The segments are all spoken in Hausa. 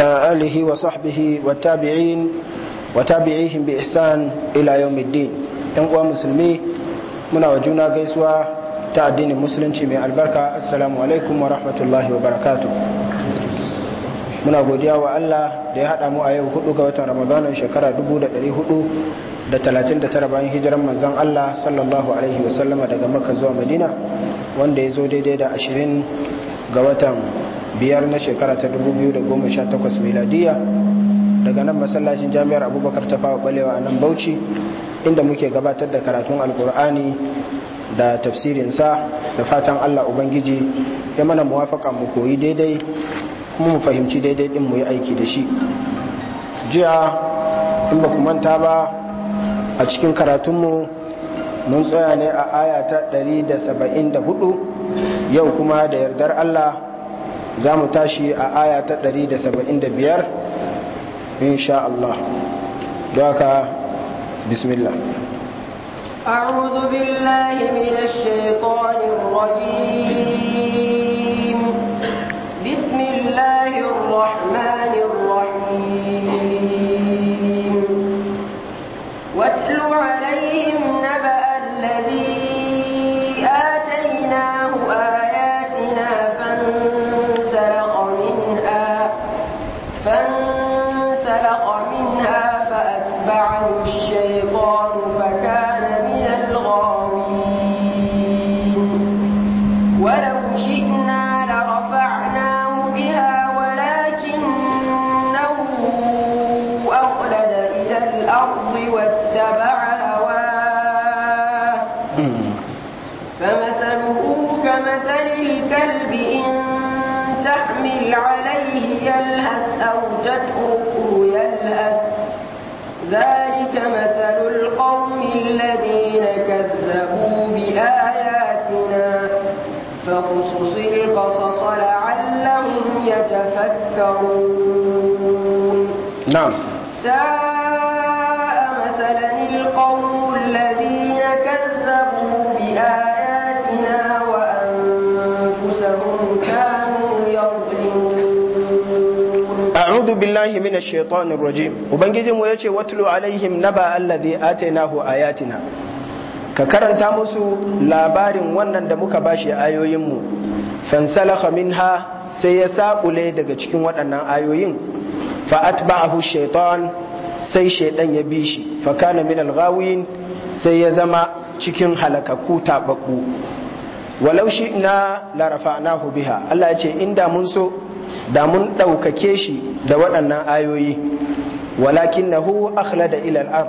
wa وصحبه والتابعين وتابعيهم بإحسان إلى يوم الدين إن uwa musulmi muna wa juna gaisuwa ta addinin musulunci mai albarka assalamu alaikum wa rahmatullahi wa barakatu muna godiya wa Allah da ya haɗa mu a yau hudu ga watan ramadanin shekara tara bayan hijiran manzon Allah sallallahu alaihi sallama daga makka zuwa madina wanda ya zo daidai da 20 ga watan biyar na shekara ta 2018 miladiya daga nan masallacin jami'ar abubakar ta fawa balewa a nan bauchi inda muke gabatar da karatun alkur'ani da tafsirinsa da fatan allah ubangiji ya mana muwafaka mu koyi daidai kuma mu fahimci daidai din mu yi aiki da shi jiya in ba ku manta ba a cikin karatunmu mun tsaya ne a aya ta 174 yau kuma da yardar allah za mu tashi a aya ta 175 insha Allah doka bismillah أعوذ بالله من الشيطان الرجيم فقصص القصص لعلهم يتفكرون نعم ساء مثلا القوم الذين كذبوا بآياتنا وأنفسهم كانوا يظلمون أعوذ بالله من الشيطان الرجيم وبنجد مو واتلو عليهم نبأ الذي آتيناه آياتنا ka karanta musu labarin wannan da muka bashi ayoyinmu fansalakha minha sai ya saƙule daga cikin waɗannan ayoyin fa'atba'ahu shaitan sai shaitan ya bi shi fakana min alghawin sai ya zama cikin halakaku taɓaɓɓu walau shi na larafa'nahu biha Allah ya ce inda mun so da mun ɗaukake shi da waɗannan ayoyi walakin nahu hu akhlada ila al'am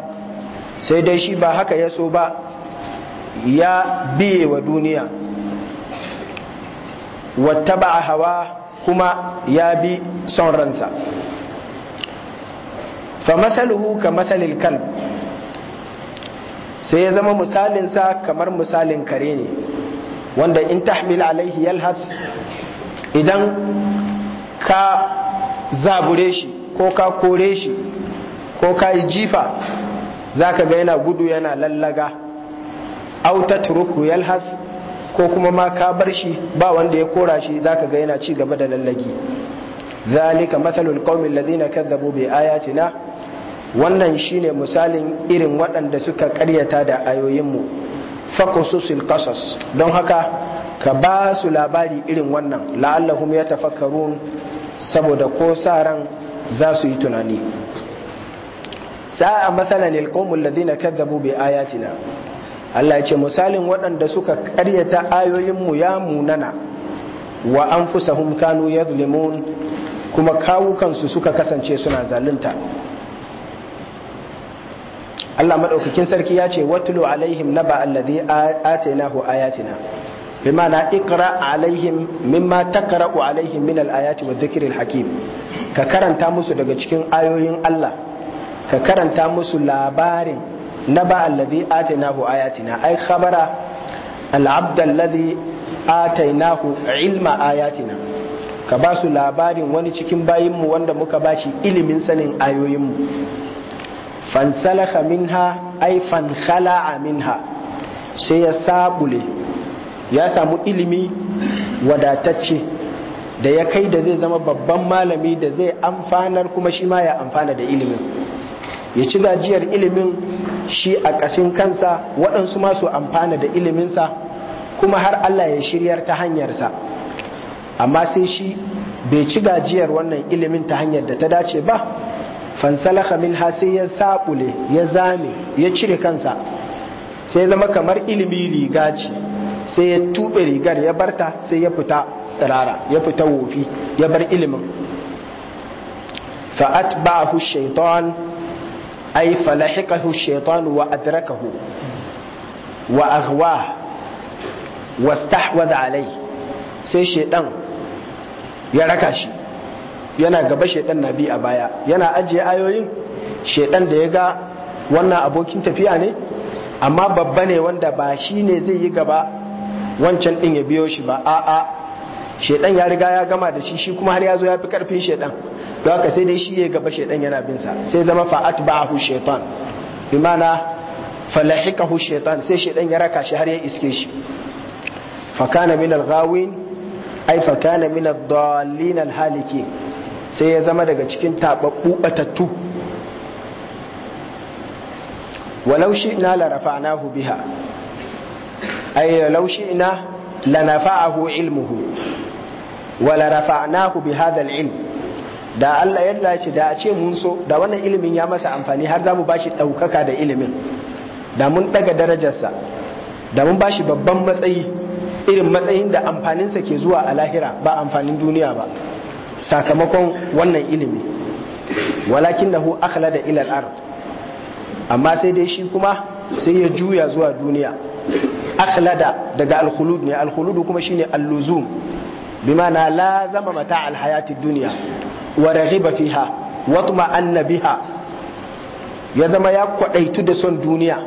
sai dai shi ba haka ya so ba ya biye wa duniya wattaba hawa kuma ya bi son ransa fa masaluhu ka masalil kan sai ya zama misalinsa kamar misalin kare ne wanda in tahmil alaihi yalhas idan ka zabure shi ko ka kore shi ko ka yi jifa za ka ga yana gudu yana lallaga aw tatruku yalhas ko kuma ma ka bar shi ba wanda ya kora shi zaka ga yana ci gaba da lallagi zalika masalul qaumi alladhina kazzabu bi ayatina wannan shine misalin irin waɗanda suka ƙaryata da ayoyinmu faqususul qasas don haka ka ba su labari irin wannan la'allahum ya saboda ko sa ran za su yi tunani sa'a masalan lil qaumil ladina kazzabu bi ayatina Allah ya ce misalin waɗanda suka ƙaryata ayoyinmu ya munana wa anfusahum kanu yadhlimun kuma kawukansu suka kasance suna zalunta Allah madaukakin sarki ya ce watlu alaihim naba alladhi atainahu ayatina na iqra alaihim mimma taqra'u alaihim min alayati wa dhikril hakim ka karanta musu daga cikin ayoyin Allah ka karanta musu labarin naba alladhi atainahu ayatina ai khabara al alladhi atainahu ilma ayatina ka ba su labarin wani cikin bayinmu wanda muka ba shi ilimin sanin ayoyinmu fansalaka minha ai fankhala'a minha sai ya sabule ya samu ilimi wadatacce da ya kai da zai zama babban malami da zai amfanar kuma shi ma ya amfana da ilimin ya ci gajiyar ilimin shi a ƙasin kansa waɗansu masu amfana da iliminsa kuma har Allah ya shiryar ta hanyarsa amma sai shi bai ci gajiyar wannan ilimin ta hanyar da ta dace ba fansalaka min sai ya saɓule ya zame ya cire kansa sai zama kamar ilimi riga ce sai ya tuɓe rigar ya barta sai ya fita tsirara ya fita wofi ya bar ilimin fa'at ba'ahu shaitan ai falahikahu shaitan wa adrakahu wa aghwa wastahwadha alai sai shaitan ya raka shi yana gaba shaitan na bi a baya yana ajiye ayoyin shaitan da ya ga wannan abokin tafiya ne amma babba ne wanda ba shi ne zai yi gaba wancan din ya biyo shi ba a'a shedan ya riga ya gama da shi shi kuma har ya zo ya fi karfin shedan don haka sai dai shi ya gaba shedan yana bin sa sai zama fa'at ba'ahu shaytan bi mana falahikahu shaytan sai shedan ya raka shi har ya iske shi fa kana min al-ghawin ay fa kana min ad-dallin al haliki sai ya zama daga cikin tababbu batattu walau shi'na la rafa'nahu biha ay ina shi'na lanafa'ahu ilmuhu wala rafa'nahu bi hadha ilm da Allah yalla ce da a ce mun so da wannan ilimin ya masa amfani har za mu bashi daukaka da ilimin da mun daga darajarsa da mun bashi babban matsayi irin matsayin da amfaninsa ke zuwa a lahira ba amfanin duniya ba sakamakon wannan ilimi walakin nahu akhlada ila al-ard amma sai dai shi kuma sai ya juya zuwa duniya akhlada daga al ne al kuma shine al-luzum bimana la zama mata alhayati duniya wa raghiba fiha wa tma'anna biha ya zama ya kwadaitu da son duniya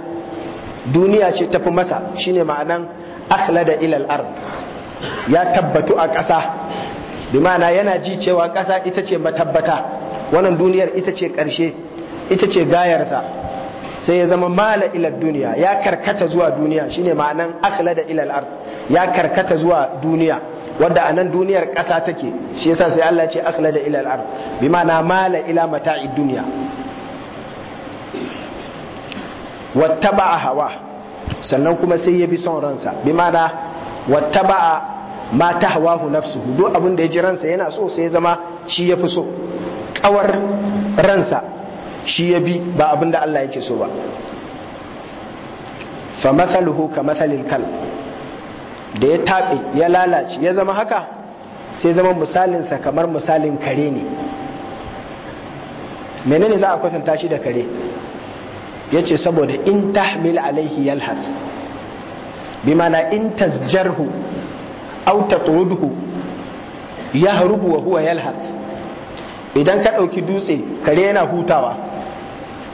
duniya ce tafi masa shine ma'anan akhlada ila al-ard ya tabbatu a ƙasa bimana yana ji cewa ƙasa ita ce matabbata wannan duniyar ita ce ƙarshe ita ce gayarsa sai ya zama mala ila duniya ya karkata zuwa duniya shine ma'anan akhlada ila al-ard ya karkata zuwa duniya wanda a nan duniyar ƙasa take shi yasa sai Allah ce akhlada ila al-ard bi ma'ana mala ila mata'id duniya wattaba'a hawa sannan kuma sai ya bi son ransa bi ma'ana wattaba'a ma tahwahu nafsuhu duk abin da ya ji ransa yana so sai ya zama shi ya fi so kawar ransa shi ya bi ba abin da Allah yake so ba fa masaluhu ka masalil kal da ya taɓe ya lalace ya zama haka sai zama misalinsa kamar misalin kare ne menene za a kwatanta shi da kare ya ce saboda in tahmil alaihi yalhas bi mana in tasjarhu aw tatrudhu yahrubu wa huwa yalhas idan ka ɗauki dutse kare yana hutawa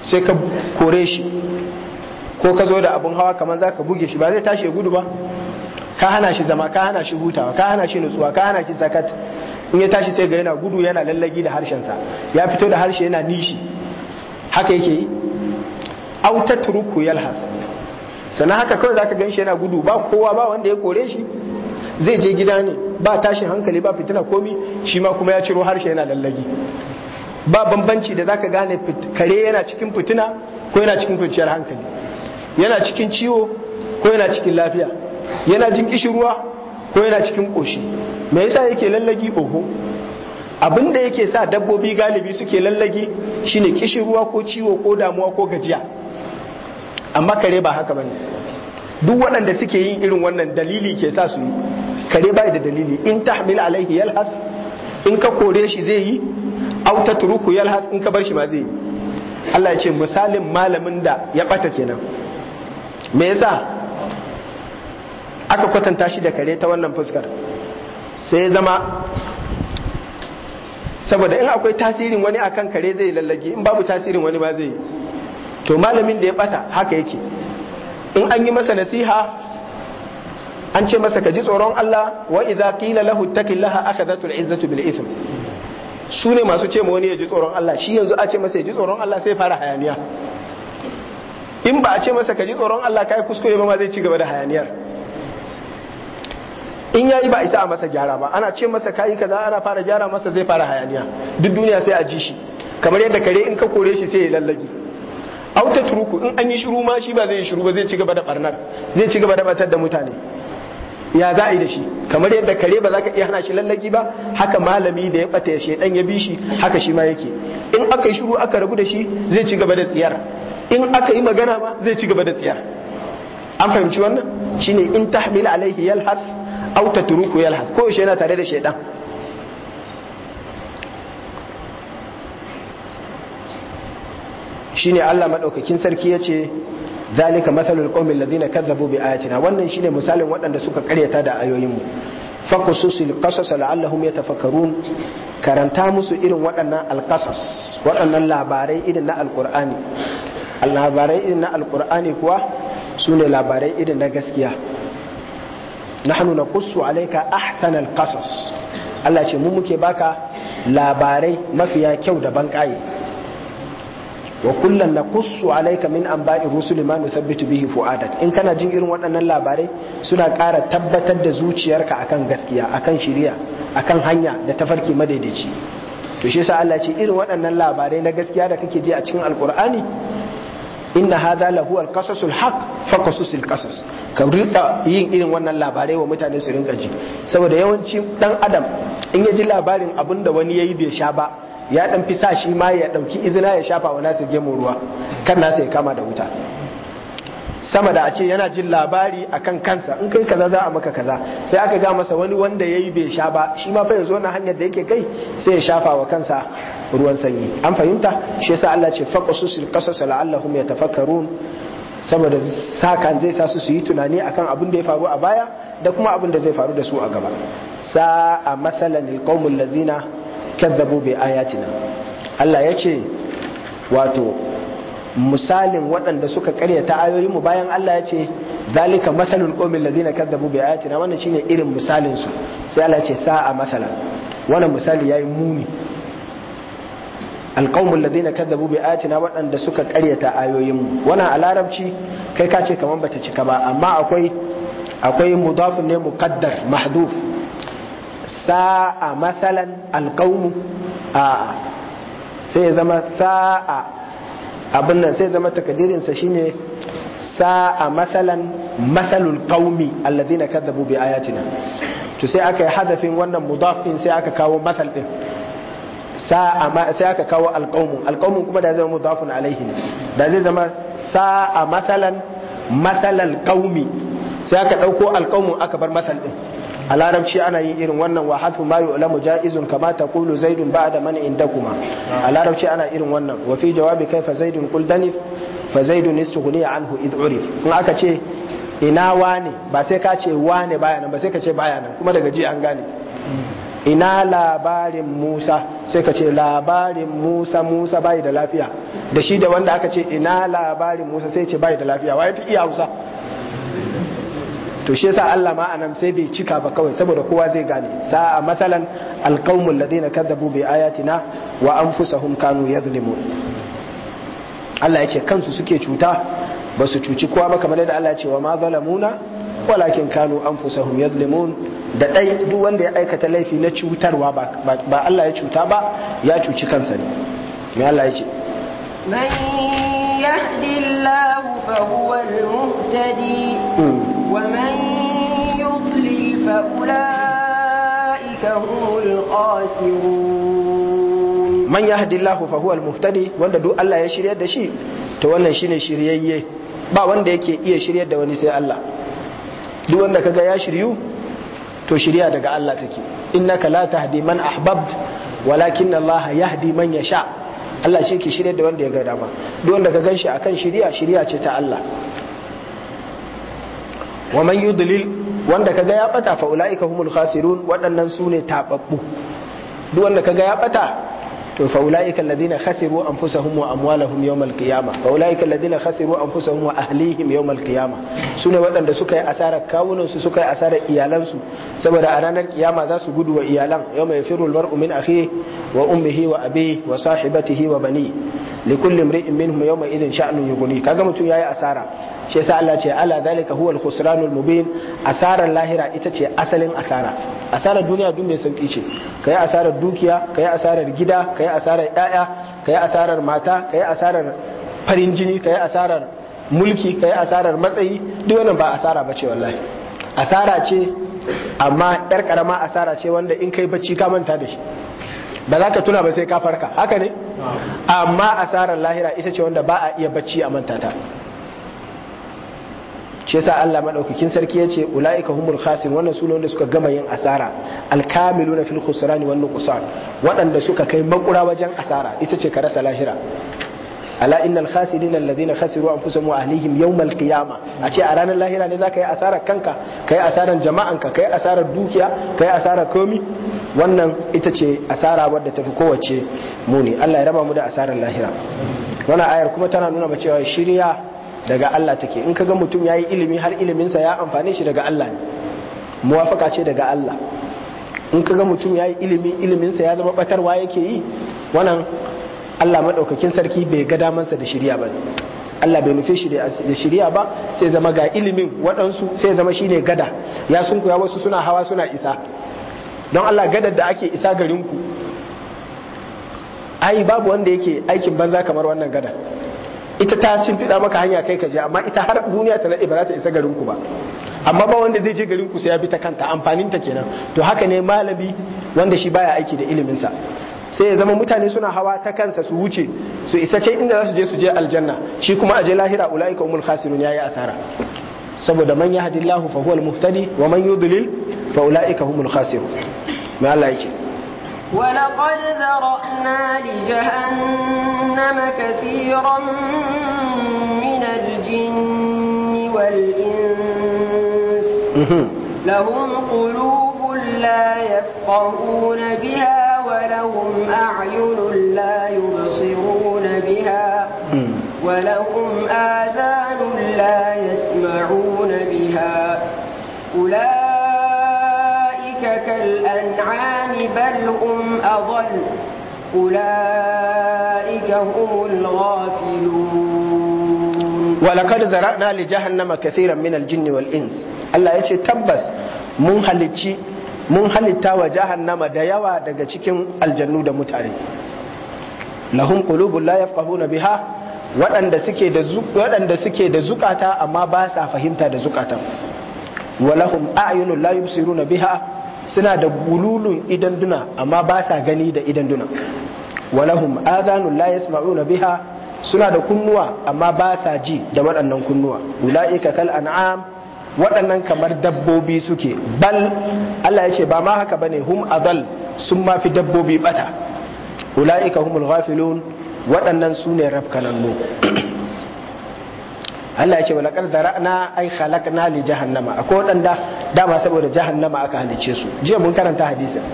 sai ka kore shi ko ka zo da abin hawa kamar za ka buge shi ba zai tashi ya gudu ba ka hana shi zama ka hana shi hutawa ka hana shi nutsuwa ka hana shi sakat in ya tashi sai ga yana gudu yana lallagi da harshensa ya fito da harshe yana nishi haka yake yi au tatruku yalhas sannan haka kawai zaka gan shi yana gudu ba kowa ba wanda ya kore shi zai je gida ne ba tashin hankali ba fitina komi shi ma kuma ya ciro harshe yana lallagi ba bambanci da zaka gane kare yana cikin fitina ko yana cikin kwanciyar hankali yana cikin ciwo ko yana cikin lafiya yana jin kishirwa ko yana cikin koshi me yasa yake lallagi oho abin da yake sa dabbobi galibi suke lallagi shine kishirwa ko ciwo ko damuwa ko gajiya amma kare ba haka bane duk waɗanda suke yin irin wannan dalili ke sa su yi kare bai da dalili in tahmil alaihi yalhas in ka kore shi zai yi au turuku yalhas in ka bar shi ma zai Allah ya ce misalin malamin da ya bata kenan me yasa aka kwatanta shi da kare ta wannan fuskar sai zama saboda in akwai tasirin wani akan kare zai lallage in babu tasirin wani ba zai to malamin da ya bata haka yake in an yi masa nasiha an ce masa ka ji tsoron Allah wa idza qila lahu taqillaha akhadhatul izzatu bil ithm su ne masu ce ma wani ya ji tsoron Allah shi yanzu a ce masa ya ji tsoron Allah sai fara hayaniya in ba a ce masa ka ji tsoron Allah ka yi kuskure ba ma zai ci gaba da hayaniyar in ya yi ba isa a masa gyara ba ana ce masa ka kai kaza ana fara gyara masa zai fara hayaniya duk duniya sai a ji shi kamar yadda kare in ka kore shi sai ya lallage auta turuku in an yi shiru ma shi ba zai yi shiru ba zai ci gaba da barnar zai ci gaba da batar da mutane ya za a yi da shi kamar yadda kare ba za ka iya hana shi lallaki ba haka malami da ya bata ya shaidan ya bi shi haka shi ma yake in aka yi shiru aka rabu da shi zai ci gaba da tsiyar in aka yi magana ma zai ci gaba da tsiyar an fahimci wannan shine in tahmil alaihi yalhad aw tatruku yalhad ko yana tare da shedan shine Allah madaukakin sarki ya ce. zalika mathalul qaumil ladina kadzabu bi ayatina wannan shine misalin waɗanda suka karyata da ayoyin mu fakususil qasas la'allahum yatafakkarun karanta musu irin waɗannan alqasas waɗannan labarai irin na alqur'ani labarai irin na alqur'ani kuwa sune labarai irin na gaskiya nahnu naqussu alayka ahsanal qasas Allah ce mu muke baka labarai mafiya kyau da banƙaye wa kullum na kusu alaika min an ba'i rusuli ma nuthabbitu bihi fu'adak in kana jin irin waɗannan labarai suna ƙara tabbatar da zuciyarka akan gaskiya akan shiriya akan hanya da tafarki madaidaici to shi yasa Allah ce irin waɗannan labarai na gaskiya da kake ji a cikin alqur'ani inna hadha lahu alqasasul haqq fa qasasul qasas ka rika yin irin wannan labarai wa mutane su rinka ji saboda yawanci dan adam in ya ji labarin abinda wani yayi bai sha ba ya dan fi sa shi ma ya dauki izina ya shafa wa nasu gemu ruwa kan nasa ya kama da wuta sama da a ce yana jin labari akan kansa in kai kaza za a maka kaza sai aka ga masa wani wanda ya yi bai sha ba shi ma fa yanzu wannan hanyar da yake kai sai ya shafa wa kansa ruwan sanyi an fahimta shi yasa Allah ce sil qasas la'allahum yatafakkarun saboda sakan zai sa su su yi tunani akan abin da ya faru a baya da kuma abin da zai faru da su a gaba sa'a masalan alqaumul ladzina kazzabu bi ayatina Allah ya ce wato misalin waɗanda suka karyata ayoyin bayan Allah ya ce zalika masalul qawmil ladina kazzabu bi ayatina wannan shine irin misalin su sai Allah ya ce sa'a masalan wannan misali yayi muni alqawmul ladina kazzabu bi ayatina waɗanda suka karyata ayoyin mu wannan a larabci kai ka ce kaman bata cika ba amma akwai akwai mudafun ne muqaddar mahdhuf sa'a mathalan alqaumu a sai ya zama sa'a abin nan sai ya zama takadirinsa sa shine sa'a mathalan masalul qaumi alladhina kadzabu bi ayatina to sai aka yi hadafin wannan mudaf din sai aka kawo matsal din sa'a sai aka kawo alqaumu alqaumu kuma da zai zama mudafun alaihi ne da zai zama sa'a mathalan matsalal qaumi sai aka dauko alqaumu aka bar matsal din a larabci ana yin irin wannan wa hatfu ma yu'lamu ja'izun kama taqulu zaidun ba'da man indakuma a larabci ana irin wannan wa fi jawabi kaifa zaidun qul danif fa zaidun istughniya anhu id urif in aka ce ina wane ba sai ka ce wane baya nan ba sai ka ce baya nan kuma daga ji an gane ina labarin Musa sai ka ce labarin Musa Musa bai da lafiya da shi da wanda aka ce ina labarin Musa sai ce bai da lafiya wai fi iya Hausa to shi yasa Allah ma anan sai bai cika ba kawai saboda kowa zai gane sa'a matalan alqaumul ladina kadzabu bi ayatina wa anfusahum kanu yazlimun Allah yace kansu suke cuta ba su cuci kowa ba kamar yadda Allah ya ce wa ma zalamuna walakin kanu anfusahum yazlimun da dai duk wanda ya aikata laifi na cutarwa ba Allah ya cuta ba ya cuci kansa ne me Allah ya ce man yahdillahu fa al muhtadi hmm. ومن يضلل فأولئك هم الخاسرون من يهدي الله فهو المهتدي وان دو الله يشري da shi to wannan شريه shiryayye ba wanda yake iya shirya da wani sai Allah duk wanda kaga ya shiryu to shirya daga Allah take innaka la tahdi man ahbab, walakin Allah yahdi man yasha Allah shi ke shirya da wanda ya ga dama duk wanda ka ganshi akan shiriya shiriya ce ta Allah wa man yudlil wanda kaga ya bata fa ulaika humul khasirun waɗannan sune taɓaɓɓu tababbu duk wanda kaga ya bata to fa ulaika alladhina khasiru anfusahum wa amwalahum yawm alqiyama fa ulaika alladhina khasiru anfusahum wa ahlihim yawm alqiyama sune waɗanda suka yi asarar kawunan su suka yi asarar iyalan su saboda a ranar kiyama za su gudu wa iyalan yawma yafiru almar'u min akhihi wa ummihi wa abihi wa sahibatihi wa bani likulli imri'in minhum yawma idin sha'nun yughni kaga mutum yayi asara shi yasa Allah ce ala zalika huwa al mubin asarar lahira ita ce asalin asara asarar duniya duk mai sauki ce kai asarar dukiya kai asarar gida kai asarar yaya kai asarar mata kai asarar farin jini kai asarar mulki kai asarar matsayi duk wannan ba asara bace wallahi asara ce amma yar karama asara ce wanda in kai bacci ka manta da shi ba za ka tuna ba sai ka farka haka ne amma asarar lahira ita ce wanda ba a iya bacci a manta ta shi yasa Allah madaukakin sarki ya yace ulaika humul khasin wannan su wanda suka gama yin asara kamiluna fil khusrani wan nuqsan waɗanda suka kai makura wajen asara ita ce ka rasa lahira ala innal khasirin alladhina khasiru anfusahum wa ahlihim yawmal qiyama a ce a ranar lahira ne zaka yi asarar kanka kai asarar jama'anka kai asarar dukiya kai asarar komi wannan ita ce asara wadda tafi kowace muni Allah ya raba mu da asarar lahira wannan ayar kuma tana nuna ba cewa shirya daga Allah take in kaga mutum yayi ilimi har iliminsa ya amfane shi daga Allah ne muwafaka ce daga Allah in kaga mutum yayi ilimi iliminsa ya zama batarwa yake yi wannan Allah madaukakin sarki bai ga damansa da shirya ba Allah bai nufe shi da shirya ba sai zama ga ilimin waɗansu sai zama shine gada ya ya wasu suna hawa suna isa don Allah gadar da ake isa garinku ai babu wanda yake aikin banza kamar wannan gadar ita ta shimfiɗa maka hanya kai ka je amma ita har duniya ta naɗe ba za ta isa garin ku ba amma ba wanda zai je garin ku sai ya bi ta kanta amfanin ta kenan to haka ne malami wanda shi baya aiki da ilimin sa sai ya zama mutane suna hawa ta kansa su wuce su isa can inda za su je su je aljanna shi kuma aje lahira ulaika umul khasirun yayi asara saboda man yahdillahu fa huwal muhtadi wa man yudlil fa ulaika humul khasirun me Allah yake ولقد ذرأنا لجهنم كثيرا من الجن والإنس لهم قلوب لا يفقهون بها ولهم أعين لا يبصرون بها ولهم آذان لا يسمعون بها أولئك كالأنعام بل هم أضل أولئك هم الغافلون ولقد ذرأنا لجهنم كثيرا من الجن والإنس تبس mun halitta wa jahannama da yawa daga cikin aljannu da mutane lahum qulubun la yafqahuna biha waɗanda suke da waɗanda suke da zukata amma ba sa fahimta da zukatan walahum a'yunun la yubsiruna biha suna da gululun idan duna amma ba sa gani da idan duna walahum adhanun la yasma'una biha suna da kunnuwa amma ba sa ji da waɗannan kunnuwa ula'ika kal an'am waɗannan kamar dabbobi suke bal Allah ya ce ba ma haka bane hum adal sun ma fi dabbobi bata ula'ika humul ghafilun waɗannan su ne rafkanannu Allah ya ce wa laqad zara'na ay khalaqna li jahannama akwai wadanda dama saboda jahannama aka halice su jiya mun karanta hadisin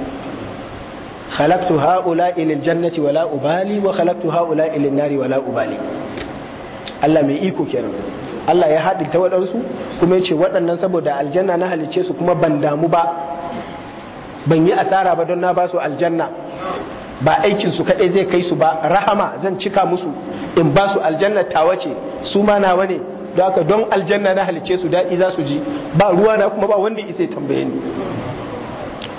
khalaqtu ha'ula'i lil jannati wala ubali wa khalaqtu ha'ula'i lin nari wala ubali Allah mai iko kenan Allah ya haɗi ta waɗansu kuma ya ce waɗannan saboda aljanna na halicce su kuma ban damu ba ban yi asara ba don na ba su aljanna ba aikin su kaɗai zai kai su ba rahama zan cika musu in ba su aljanna tawace su ma na ne da aka don aljanna na halice su daɗi za su ji ba ruwa na kuma ba wanda isai tambaye ni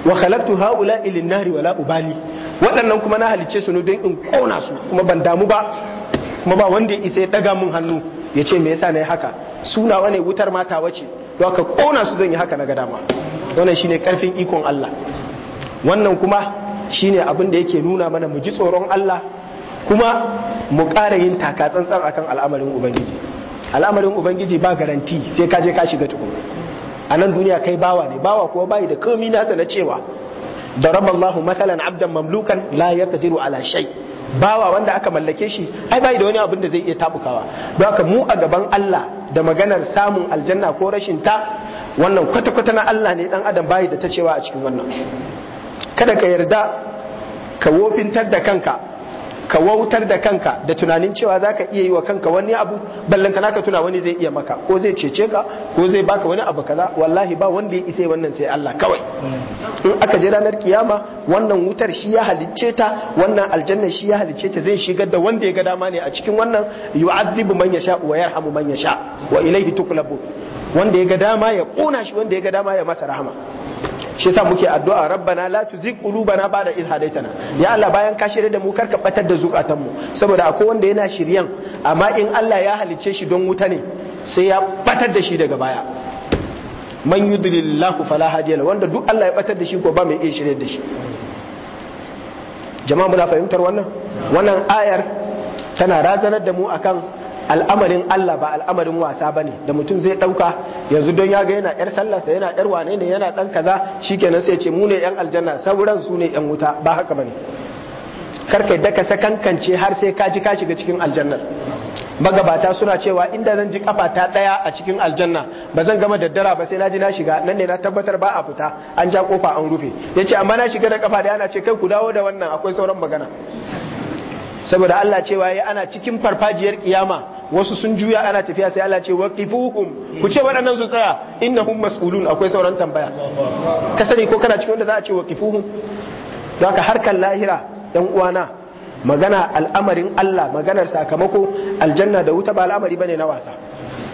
wa khalaqtu haula ilin nari wala ubali waɗannan kuma na halice su ne don in kona su kuma ban damu ba kuma ba wanda ya ya daga mun hannu ya ce me yasa na yi haka suna wane wutar mata wace don aka kona su zan yi haka na ga dama wannan shine karfin ikon Allah wannan kuma shine abin da yake nuna mana mu ji tsoron Allah kuma mu ƙara yin taka tsantsan akan al'amarin ubangiji al'amarin ubangiji ba garanti sai ka je ka shiga tukun a nan duniya kai bawa ne bawa kuwa bayi da komi nasa na cewa da Allahu masalan abdan mamlukan la tajiru ala shai bawa wanda aka mallake shi ai bayi da wani abin da zai iya tabukawa don haka mu a gaban Allah da maganar samun aljanna ko rashin ta wannan kwata kwata na Allah ne dan adam bayi da ta cewa a cikin wannan kada ka yarda ka wofintar da kanka ka wautar da kanka da tunanin cewa za ka iya yi wa kanka wani abu ka naka tuna wani zai iya maka ko zai cece ka ko zai baka wani abu kaza wallahi ba wanda ya isa wannan sai Allah kawai in aka je ranar kiyama wannan wutar shi ya halicce ta wannan aljanna shi ya halicce ta zai shigar da wanda ya ga dama ne a cikin wannan yu'azzibu man yasha wa yarhamu man yasha wa ilayhi tuqlabu wanda ya ga dama ya kona shi wanda ya ga dama ya masa rahama shi sa muke addu'a rabbana la tuzigh qulubana ba'da idh hadaytana ya Allah bayan ka shirye da mu kar ka batar da zukatan mu saboda akwai wanda yana shiryan amma in Allah ya halice shi don wuta ne sai ya batar da shi daga baya man yudlillahu fala hadiya wanda duk Allah ya batar da shi ko ba mai iya shirye da shi jama'a muna fahimtar wannan wannan ayar tana razanar da mu akan al'amarin Allah ba al'amarin wasa bane da mutum zai dauka yanzu don ya ga yana yar sallar sa yana yar wane ne yana dan kaza shikenan sai ce mu ne yan aljanna sauran su ne yan wuta ba haka bane karka daka sakankance har sai ka ji ka shiga cikin aljannar magabata suna cewa inda zan ji kafa ta daya a cikin aljanna ba zan gama daddara ba sai na ji na shiga nan ne na tabbatar ba a fita an ja kofa an rufe yace amma na shiga da kafa da ana ce kai ku dawo da wannan akwai sauran magana saboda Allah cewa ya ana cikin farfajiyar kiyama wasu sun juya ana tafiya sai Allah ce waqifuhum ku ce waɗannan su tsaya innahum mas'ulun akwai sauran tambaya ka sani ko kana cikin wanda za a ce waqifuhum don haka harkar lahira ɗan uwana magana al'amarin Allah maganar sakamako aljanna da wuta ba al'amari bane na wasa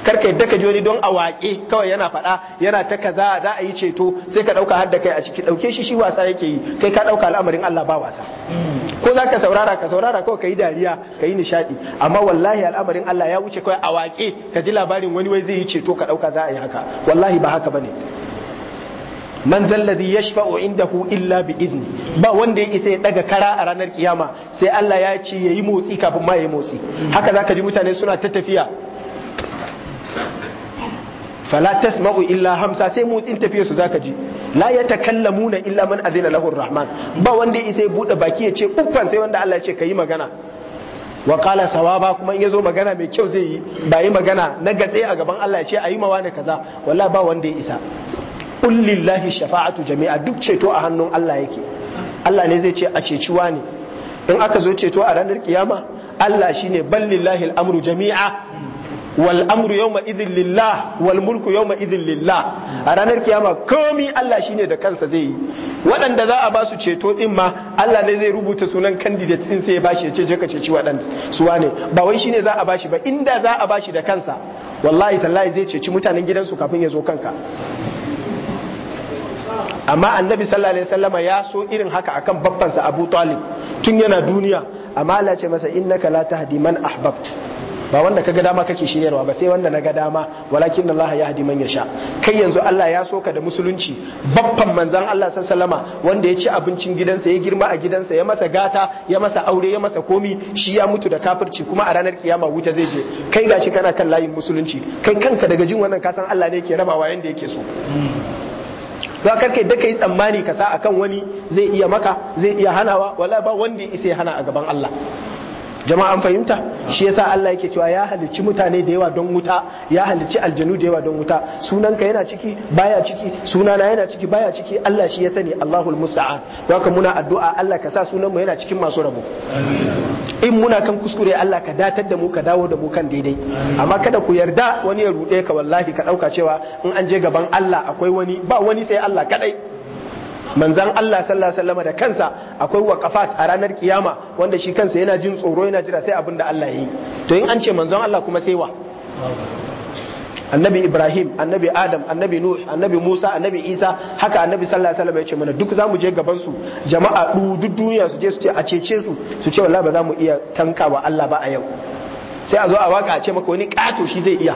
karka yadda ka joni don don waƙe kawai yana faɗa yana ta kaza za a yi ceto sai ka ɗauka har da kai a ciki ɗauke shi shi wasa yake yi kai ka ɗauka al'amarin Allah ba wasa ko za ka saurara ka saurara kawai ka yi dariya ka yi nishaɗi amma wallahi al'amarin Allah ya wuce kawai awaƙe ka ji labarin wani wai zai yi ceto ka ɗauka za a yi haka wallahi ba haka bane man zalladhi yashfa'u indahu illa bi idni ba wanda ya isa ya daga kara a ranar kiyama sai Allah ya ce yayi motsi kafin ma yayi motsi haka zaka ji mutane suna ta tafiya fala tasma'u illa hamsa sai motsin tafiyar su zaka ji la yatakallamuna illa man azina lahu rahman ba wanda ya sai bude baki ya ce uffan sai wanda Allah ya ce kayi magana wa qala sawaba kuma in yazo magana mai kyau zai yi ba yi magana na gatse a gaban Allah ya ce ayi mawa ne kaza wallahi ba wanda ya isa qul shafa'atu jami'a duk ceto a hannun Allah yake Allah ne zai ce a ceciwa ne in aka zo ceto a ranar kiyama Allah shine ballillahi amru jami'a wal amru yawma idhin lillah wal mulku yawma lillah a ranar kiyama komi Allah shine da kansa zai yi waɗanda za a ba su ceto ɗin ma Allah ne zai rubuta sunan candidate ɗin sai ya bashi ya ce je ceci waɗanda su wane ba wai shine za a bashi ba inda za a bashi da kansa wallahi tallahi zai ceci mutanen gidansu kafin ya zo kanka amma annabi sallallahu alaihi wasallama ya so irin haka akan babbansa Abu Talib tun yana duniya amma Allah ce masa innaka la tahdi man ahbabta ba wanda kaga dama kake shiryarwa ba sai wanda naga dama walakin Allah ya hadi man yasha kai yanzu Allah ya soka da musulunci babban manzan Allah sallallahu wasallama wanda ya ci abincin gidansa ya girma a gidansa ya masa gata ya masa aure ya masa komi shi ya mutu da kafirci kuma a ranar kiyama wuta zai je kai gashi kana kan layin musulunci kai kanka daga jin wannan kasan Allah ne yake rabawa yanda yake so ba karke da kai tsammani ka sa akan wani zai iya maka zai iya hanawa wala ba wanda ya hana a gaban Allah jama'a an fahimta shi yasa Allah yake cewa ya halicci mutane da yawa don wuta ya halicci aljanu da yawa don wuta sunanka yana ciki baya ciki sunana yana ciki baya ciki Allah shi ya sani Allahul musta'an muna addu'a Allah ka sa sunan mu yana cikin masu rabo in muna kan kuskure Allah ka datar da mu ka dawo da mu kan daidai amma kada ku yarda wani ya rude ka wallahi ka dauka cewa in an je gaban Allah akwai wani ba wani sai Allah kadai manzan Allah sallallahu alaihi da kansa akwai waqafat a ranar kiyama wanda shi kansa yana jin tsoro yana jira sai abinda da Allah ya yi to in an ce manzon Allah kuma sai wa annabi Ibrahim annabi Adam annabi Nuh annabi Musa annabi Isa haka annabi sallallahu alaihi ya ce mana duk zamu je gaban su jama'a du duk duniya su je su ce a cece su su ce wallahi ba za mu iya tankawa Allah ba a yau sai a zo a waka a ce maka wani kato shi zai iya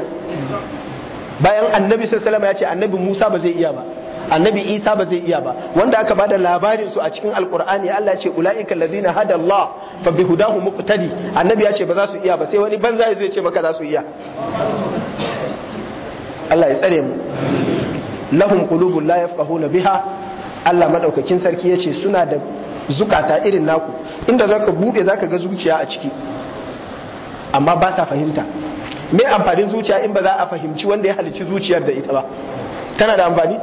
bayan annabi sallallahu alaihi ya ce annabi Musa ba zai iya ba annabi isa ba zai iya ba wanda aka bada labarin su a cikin alkur'ani Allah ya ce ulaika allazina hada Allah fa bihudahu muqtadi annabi ya ce ba za su iya ba sai wani banza ya ya ce maka za su iya Allah ya tsare mu lahum qulubun la yafqahuna biha Allah madaukakin sarki ya ce suna da zukata irin naku inda zaka bude zaka ga zuciya a ciki amma ba sa fahimta me amfanin zuciya in ba za a fahimci wanda ya halicci zuciyar da ita ba tana da amfani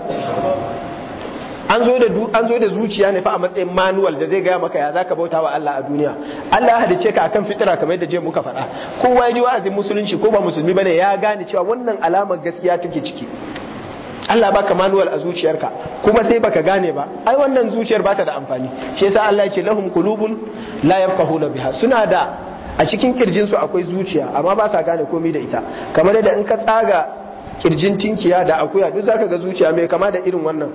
an zo da an zo da zuciya ne fa a matsayin manual da zai gaya maka ya zaka bauta wa Allah a duniya Allah ya halice ka akan fitira kamar yadda je muka faɗa kowa ya ji wa'azin musulunci ko ba musulmi bane ya gane cewa wannan alamar gaskiya take ciki Allah baka manual a zuciyarka kuma sai baka gane ba ai wannan zuciyar bata da amfani shi yasa Allah yake lahum qulubun la yafqahuna biha suna da a cikin kirjinsu akwai zuciya amma ba sa gane komai da ita kamar yadda in ka tsaga kirjin tinkiya da akuya duk zaka ga zuciya mai kama da irin wannan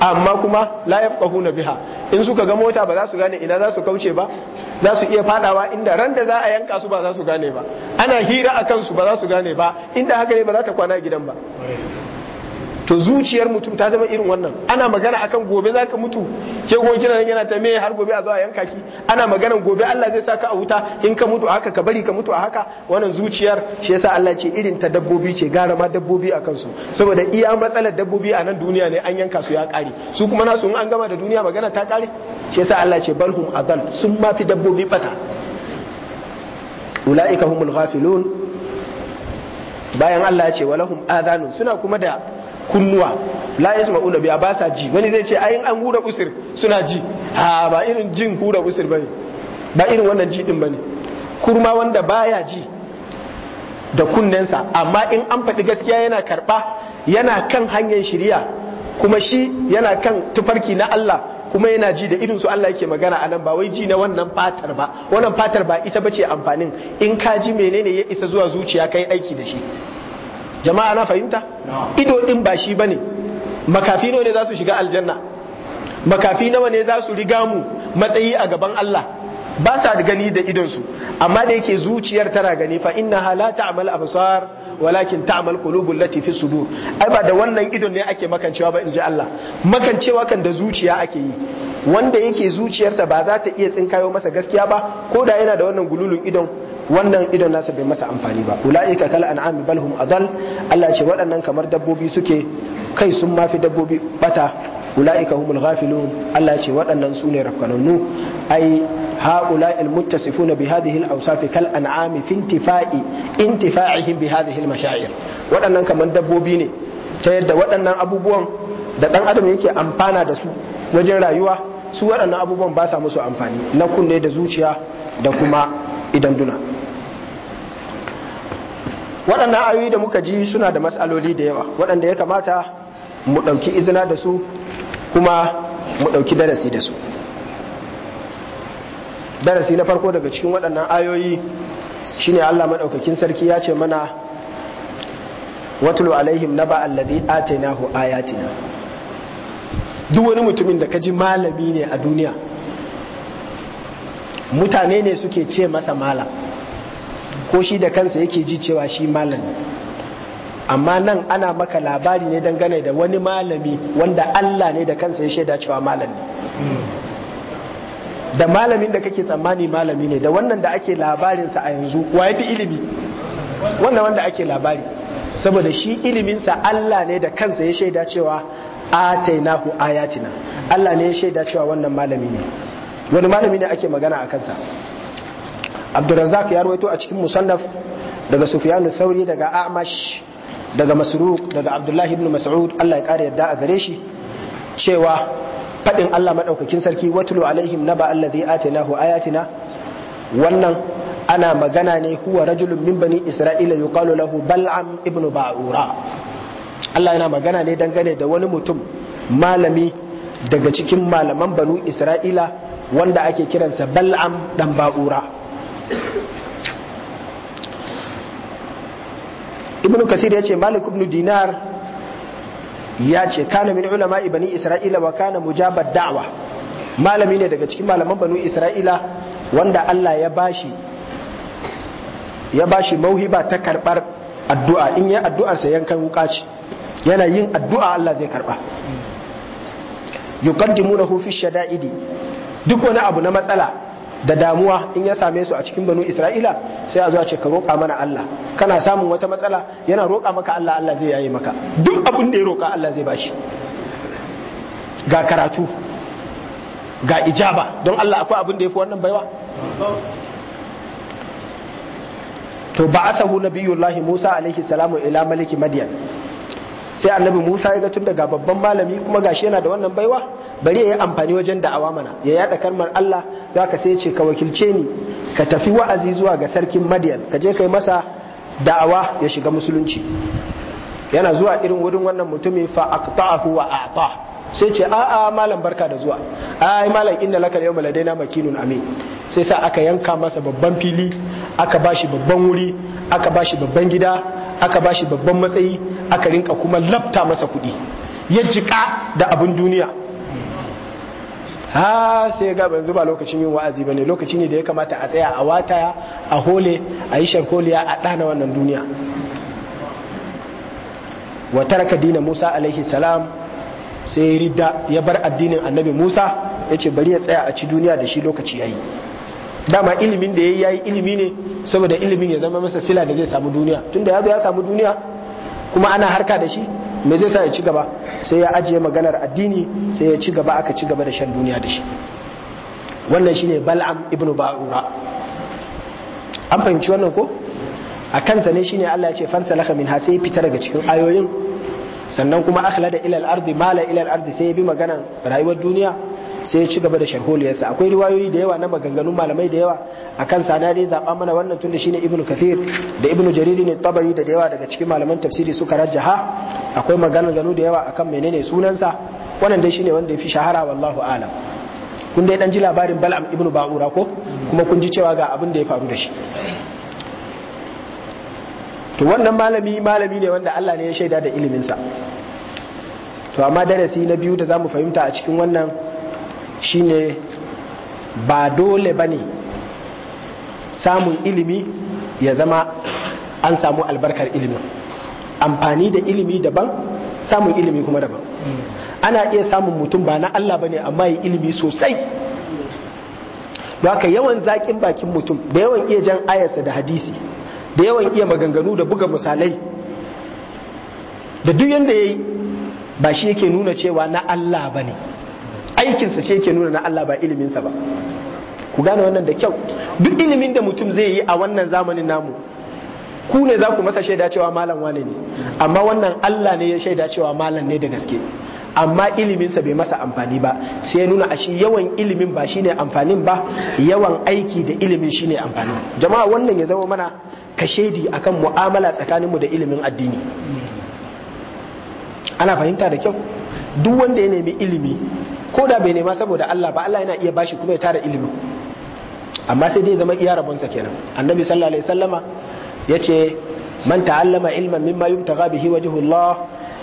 amma kuma la yafqahuna biha in suka ga mota ba za su gane ina za su kauce ba za su iya fadawa inda ran da za a yanka su ba za su gane ba ana hira akan su ba za su gane ba inda haka ne ba za ta kwana gidan ba to zuciyar mutum ta zama irin wannan ana magana akan gobe za ka mutu ke kuma kina nan yana ta me har gobe a zo a yanka ki ana magana gobe Allah zai saka a wuta in ka mutu haka ka bari ka mutu a haka wannan zuciyar shi yasa Allah ce irin ta dabbobi ce gara ma dabbobi a su saboda iya matsalar dabbobi a nan duniya ne an yanka su ya kare su kuma nasu in an gama da duniya magana ta kare shi yasa Allah ce balhum adal sun ma fi dabbobi bata ulaika humul ghafilun bayan Allah ya ce walahum adhanun suna kuma da kunnuwa la yasma'una biya ba sa ji wani zai ce ayin an hura usur suna ji ha ba irin jin hura usur bane ba irin wannan ji din bane kurma wanda baya ji da kunnensa amma in an faɗi gaskiya yana karɓa yana kan hanyar shiriya kuma shi yana kan tufarki na Allah kuma yana ji da irin su Allah yake magana a nan ba wai ji na wannan fatar ba wannan fatar ba ita bace amfanin in ka ji menene ya isa zuwa zuciya kai aiki da shi jama'a na fahimta ido din ba shi bane makafi nawa ne za su shiga aljanna makafi nawa ne za su riga mu matsayi a gaban Allah ba sa gani da idon su amma da yake zuciyar tana gani fa inna la ta'mal absar walakin ta'mal qulubul lati fi sudur ai ba da wannan idon ne ake makancewa ba inji Allah makancewa kan da zuciya ake yi wanda yake zuciyarsa ba za ta iya tsinkayo masa gaskiya ba ko da yana da wannan gululun idon wannan idon nasa bai masa amfani ba ulaika kal an'am bal hum adal Allah ce waɗannan kamar dabbobi suke kai sun mafi dabbobi bata ulaika humul ghafilun Allah ce waɗannan sune rafkanannu ai هؤلاء kal an'am fi intifa'i intifa'ihim bi hadhihi al المشاعر waɗannan kamar dabbobi ne ta yadda waɗannan abubuwan da ɗan adam yake amfana da su wajen rayuwa su waɗannan abubuwan ba sa musu amfani na kunne da zuciya da kuma idan duna waɗannan ayoyi da muka ji suna da matsaloli da yawa waɗanda ya kamata mu ɗauki izina da su kuma mu ɗauki darasi da su darasi na farko daga cikin waɗannan ayoyi shine Allah maɗaukakin sarki ya ce mana watulu alaihim na ba'alladhi atainahu ayatina duk wani mutumin da ka ji malami ne a duniya mutane ne suke ce masa malam ko shi da kansa yake ji cewa shi malami amma nan ana maka labari ne dangane da wani malami wanda Allah ne da kansa ya shaida cewa malami da malamin da kake tsammani malami ne da wannan da ake labarinsa a yanzu wa fi ilimi wannan wanda ake labari saboda shi iliminsa Allah ne da kansa ya shaida cewa atainahu ayatina Allah ne ya shaida cewa wannan malami ne wani malami ne ake magana a kansa abdurrazzak ya ruwaito a cikin musannaf daga sufyanu sauri daga a'mash daga masruq daga abdullahi ibn mas'ud Allah ya kare yadda a gare shi cewa fadin Allah madaukakin sarki watlu alaihim naba allazi atainahu ayatina wannan ana magana ne huwa rajulun min bani isra'ila yuqalu lahu bal'am ibn ba'ura Allah yana magana ne dangane da wani mutum malami daga cikin malaman banu isra'ila wanda ake kiransa bal'am dan ba'ura ibnu kasir ce malik ibn dinar ya ce kana min ulama bani isra'ila wa kana mujabar da'wa malami ne daga cikin malaman banu isra'ila wanda Allah ya bashi ya bashi mauhiba ta karbar addu'a in yi addu'ar sa yankan wuka ce yana yin addu'a Allah zai karba na hufi shada'idi duk wani abu na matsala da damuwa in ya same su a cikin banu Isra'ila sai a zuwa ce ka roƙa mana Allah kana samun wata matsala yana roƙa maka Allah Allah zai yayi maka duk abin da ya roƙa Allah zai bashi ga karatu ga ijaba don Allah akwai abin da ya fi wannan baiwa to ba ba'athahu nabiyullahi Musa alaihi salamu ila maliki Madian sai annabi Musa ya ga tun daga babban malami kuma gashi yana da wannan baiwa bari ya yi amfani wajen da'awa mana ya yada kalmar Allah za ka sai ce ka wakilce ni ka tafi wa'azi zuwa ga sarkin madiyan ka je ka yi masa da'awa ya shiga musulunci yana zuwa irin wurin wannan mutumin fa aqta'ahu wa a'ta sai ce a a malam barka da zuwa ai malam inna laka yawma ladaina makinun amin sai sa aka yanka masa babban fili aka bashi babban wuri aka bashi babban gida aka bashi babban matsayi aka rinka kuma lafta masa kuɗi ya jika da abin duniya ha sai ga yanzu zuba lokacin yin wa'azi bane lokaci ne da ya kamata a tsaya a wataya a hole a yi sharkoliya a dana wannan duniya wa taraka dina Musa alaihi salam sai ridda ya bar addinin annabi Musa yace bari ya tsaya a ci duniya da shi lokaci yayi dama ilimin da yayi yayi ilimi ne saboda ilimin ya zama masa sila da zai samu duniya tunda ya ya samu duniya kuma ana harka da shi me zai sa ya ci gaba sai ya ajiye maganar addini sai ya ci gaba aka ci gaba da shan duniya da shi wannan shine bal'am ibn ba'ura an fahimci wannan ko a kansa ne shine Allah ya ce fansalaka min sai fita daga cikin ayoyin sannan kuma akhlada ila ilal ardi mala ila al-ardi sai ya bi maganar rayuwar duniya sai ya ci gaba da sharholiyarsa akwai riwayoyi da yawa na maganganun malamai da yawa a kan sana dai zaɓa mana wannan tunda shine Ibn kathir da Ibn jariri ne tabari da yawa daga cikin malaman tafsiri suka rajaha akwai maganganu da yawa akan menene sunansa wannan dai shine wanda ya fi shahara wallahu alam kun dai dan ji labarin bal'am Ibn ba'ura ko kuma kun ji cewa ga abin da ya faru da shi to wannan malami malami ne wanda Allah ne ya shaida da iliminsa to amma darasi na biyu da zamu fahimta a cikin wannan shine ba dole ba ne samun ilimi ya zama an samu albarkar ilimi amfani da ilimi daban samun ilimi kuma daban ana iya samun mutum ba na Allah ba ne amma yi ilimi sosai haka yawan zaƙin bakin mutum da yawan iya jan ayarsa da hadisi da yawan iya maganganu da buga misalai da duk yanda ya yi ba shi yake nuna cewa na Allah ba ne aikinsa ce ke nuna na Allah ba iliminsa ba ku gane wannan da kyau duk ilimin da mutum zai yi a wannan zamanin namu ku ne za ku masa shaida cewa malam wane ne amma wannan Allah ne ya shaida cewa malam ne da gaske amma iliminsa bai masa amfani ba sai ya nuna shi yawan ilimin ba shine amfanin ba yawan aiki da ilimin shine amfanin jama'a wannan ya zama mana ka shaidi akan mu'amala tsakaninmu da ilimin addini ana fahimta da kyau duk wanda ya nemi ilimi ko da bai nema saboda Allah ba Allah yana iya bashi kuma ya tara ilimi amma sai dai zama iya rabonsa kenan annabi sallallahu alaihi wasallama yace man ta'allama ilman mimma yubtagha bihi wajhu Allah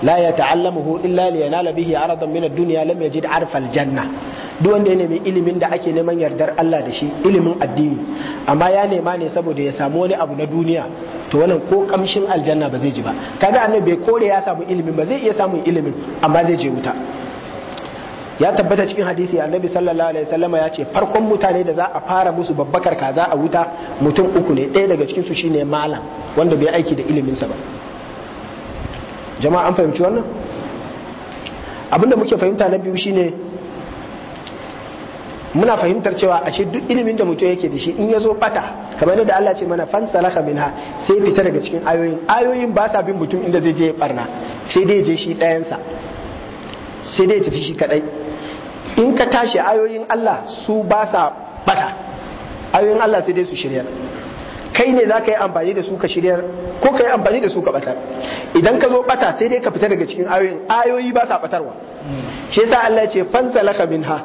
la yata'allamuhu illa li yanala bihi aradan min ad-dunya lam yajid arfal janna duk wanda ya nemi ilimin da ake neman yardar Allah da shi ilimin addini amma ya nema ne saboda ya samu wani abu na duniya to wannan ko kamshin aljanna ba zai ji ba kaga annabi bai kore ya samu ilimin ba zai iya samun ilimin amma zai je wuta ya tabbata cikin hadisi annabi sallallahu alaihi wasallama ya ce farkon mutane da za a fara musu babbakar kaza a wuta mutum uku ne ɗaya daga cikin su shine malam wanda bai aiki da ilimin ba jama'a an fahimci wannan abinda muke fahimta na biyu shine muna fahimtar cewa ashe duk ilimin da mutum yake da shi in ya zo bata kamar yadda Allah ce mana fan salaka minha sai fita daga cikin ayoyin ayoyin ba sa bin mutum inda zai je ya barna sai dai je shi ɗayansa sai dai tafi shi kadai in ka tashi ayoyin Allah su ba sa bata ayoyin Allah sai dai su shirya kai ne za ka yi amfani da su ka shirya ko ka yi amfani da su ka batar idan ka zo bata sai dai ka fita daga cikin ayoyin ayoyi ba sa batarwa shi yasa Allah ya ce fansalaka minha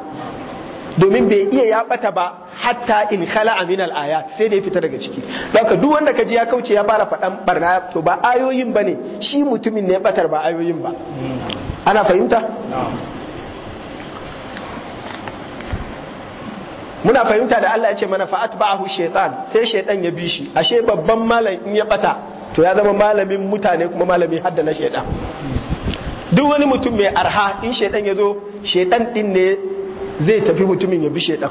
domin bai iya ya bata ba hatta in khala min al sai dai fita daga ciki haka duk wanda ka ji ya kauce ya fara faɗan barna to ba ayoyin bane shi mutumin ne batar ba ayoyin ba ana fahimta muna fahimta da Allah ya ce mana fa'at ba'ahu shaitan sai shaitan ya bi shi ashe babban malam in ya bata to ya zama malamin mutane kuma malami hadda na shaitan duk wani mutum mai arha in shaitan ya zo shaitan din ne zai tafi mutumin ya bi shaitan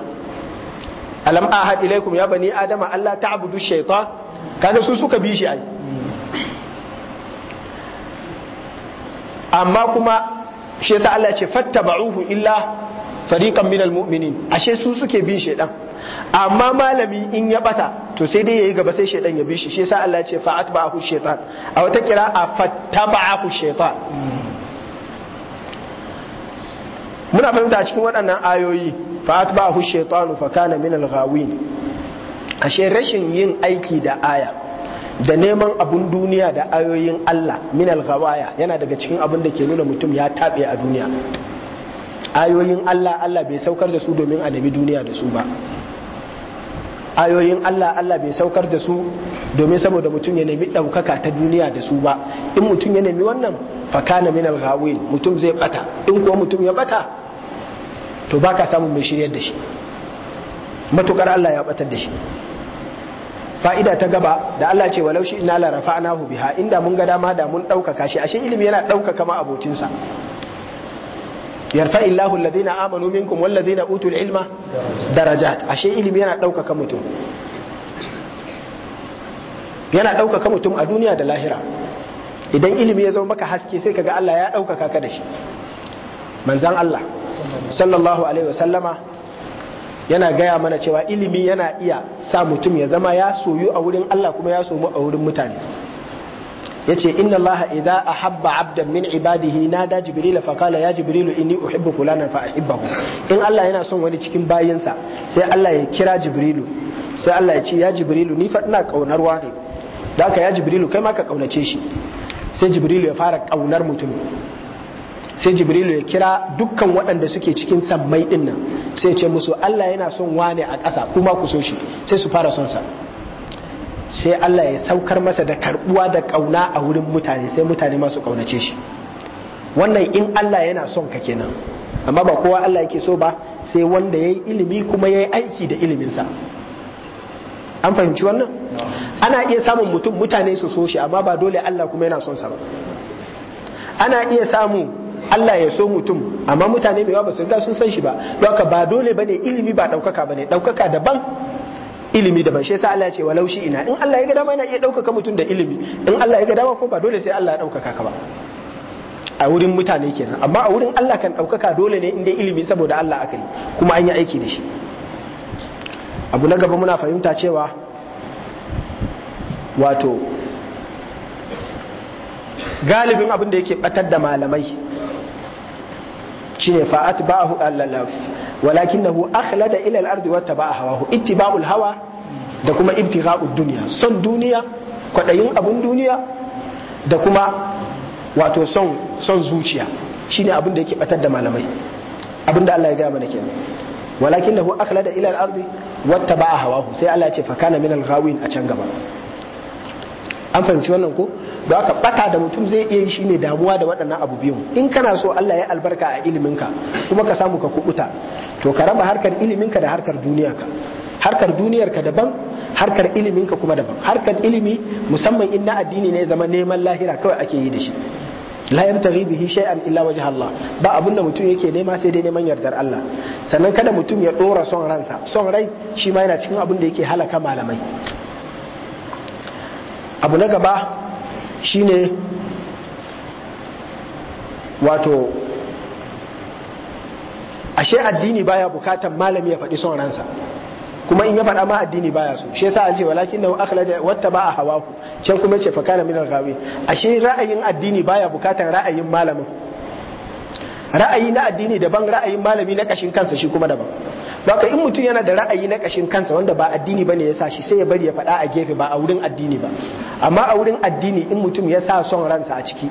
alam ahad ilaikum ya bani adama Allah ta'budu shaitan kaga su suka bi shi ai amma kuma shi yasa Allah ya ce fattaba'uhu illa fariqan minal mu'minin ashe su suke bin shaidan amma malami in ya bata to sai dai yayi gaba sai shaidan ya bi shi shi yasa Allah ya ce fa atba'ahu shaytan a wata qira'a fattaba'ahu shaytan muna fahimta a cikin waɗannan ayoyi fa atba'ahu shaytanu fa kana minal ghawin ashe rashin yin aiki da aya da neman abun duniya da ayoyin Allah minal ghawaya yana daga cikin abin da ke nuna mutum ya tabe a duniya ayoyin Allah Allah bai saukar da su domin a nemi duniya da su ba ayoyin Allah Allah bai saukar da su domin saboda mutum ya nemi ɗaukaka ta duniya da su ba in mutum ya nemi wannan fakana min al mutum zai bata in kuwa mutum ya bata to baka samun mai shiryar da shi matukar Allah ya batar da shi fa'ida ta gaba da Allah ce walau shi ina la rafa'nahu biha inda mun ga dama da mun ɗaukaka shi ashe ilimi yana ɗaukaka ma abocinsa yarfa illahu alladhina amanu minkum walladhina utul ilma darajat ashe ilimi yana ɗaukaka mutum yana mutum a duniya da lahira idan ilimi ya zama maka haske sai kaga Allah ya ɗaukaka ka da shi manzan Allah sallallahu alaihi wasallama yana gaya mana cewa ilimi yana iya sa mutum ya zama ya soyu a wurin Allah kuma ya somu a wurin mutane yace inna Allah idza ahabba abdan min ibadihi nada jibril fa qala ya jibril inni uhibbu fulanan fa ahibbahu in Allah yana son wani cikin bayinsa sai Allah ya kira jibrilu sai Allah ya ce ya jibrilu ni fa ina kaunarwa ne. da haka ya jibrilu kai ma ka kaunace shi sai jibrilu ya fara kaunar mutum sai jibrilu ya kira dukkan waɗanda suke cikin sammai ɗinnan sai ya ce musu Allah yana son wane a ƙasa kuma ku so shi sai su fara son sa sai Allah ya saukar masa da karbuwa da kauna a wurin mutane sai mutane masu kaunace shi wannan in Allah yana son ka kenan amma ba kowa Allah yake so ba sai wanda ya yi ilimi kuma ya yi aiki da iliminsa an fahimci wannan ana iya samun mutum mutane su so shi amma ba dole Allah kuma yana son sa ba ana iya samu Allah ya so mutum amma mutane mai ba su ga sun san shi ba don ba dole bane ilimi ba ɗaukaka bane ɗaukaka daban ilimi daban shi yasa Allah ya ce walau shi ina in Allah ya ga dama yana iya ɗaukaka mutum da ilimi in Allah ya ga dama ko ba dole sai Allah ya ɗaukaka ka ba a wurin mutane kenan amma a wurin Allah kan ɗaukaka dole ne inda ilimi saboda Allah aka yi kuma an yi aiki da shi abu na gaba muna fahimta cewa wato galibin abin da yake batar da malamai shine fa'at ba'ahu allalaf walakinahu akhlada da al-ardi wattaba'a hawahu ittiba'ul hawa da kuma ibtigha'ud dunya son duniya kwadayin abun duniya da kuma wato son son zuciya shine abin da yake batar da malamai abin da Allah ya gaya mana kenan walakinahu akhlada ila al-ardi wattaba'a hawahu sai Allah ya ce fa kana min al-ghawin a can gaba an fahimci wannan ko da aka bata da mutum zai iya yi shi ne damuwa da waɗannan abu biyu in kana so Allah ya albarka a iliminka kuma ka samu ka kubuta to ka raba harkar iliminka da harkar duniyarka harkar duniyarka daban harkar iliminka kuma daban harkar ilimi musamman in na addini ne zama neman lahira kawai ake yi da shi la yabtaghi bihi shay'an illa wajha Allah ba abinda mutum yake nema sai dai neman yardar Allah sannan kada mutum ya dora son ransa son rai shi ma yana cikin abin da yake halaka malamai abu na gaba shine wato ashe addini baya bukatan malami ya faɗi son ransa kuma in ya faɗa ma addini baya so shi yasa an ce walakin ba a hawa hawahu can kuma ce fa kana min al ashe ra'ayin addini baya bukatan ra'ayin malamin ra'ayi na addini daban ra'ayin malami na kashin kansa shi kuma daban baka in mutum yana da ra'ayi na kashin kansa wanda ba addini bane ya sa shi sai ya bari ya faɗa a gefe ba a wurin addini ba amma a wurin addini in mutum ya sa son ransa a ciki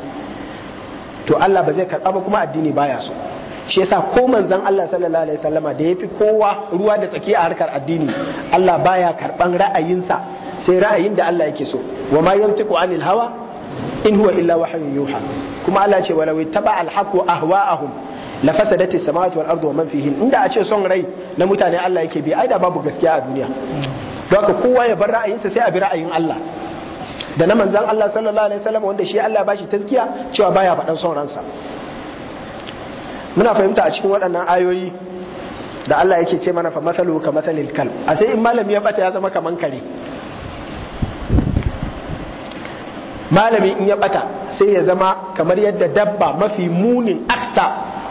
to Allah ba zai karɓa ba kuma addini baya so shi yasa ko manzon Allah sallallahu alaihi wasallama da yafi kowa ruwa da tsaki a harkar addini Allah baya karban ra'ayinsa sai ra'ayin da Allah yake so wa ma yantiqu anil hawa in huwa illa wahyun yuha kuma Allah ce walau taba alhaku haqu ahwa'ahum la fasadati samawati wal ardu wa man fihin inda a ce son rai na mutane Allah yake bi ai da babu gaskiya a duniya don haka kowa ya bar ra'ayinsa sai a bi ra'ayin Allah da na manzan Allah sallallahu alaihi wasallam wanda shi Allah bashi taskiya cewa baya faɗan son ransa muna fahimta a cikin waɗannan ayoyi da Allah yake ce mana fa masalu ka masalil kal a sai in malami ya bata ya zama kaman kare malami in ya bata sai ya zama kamar yadda dabba mafi munin aksa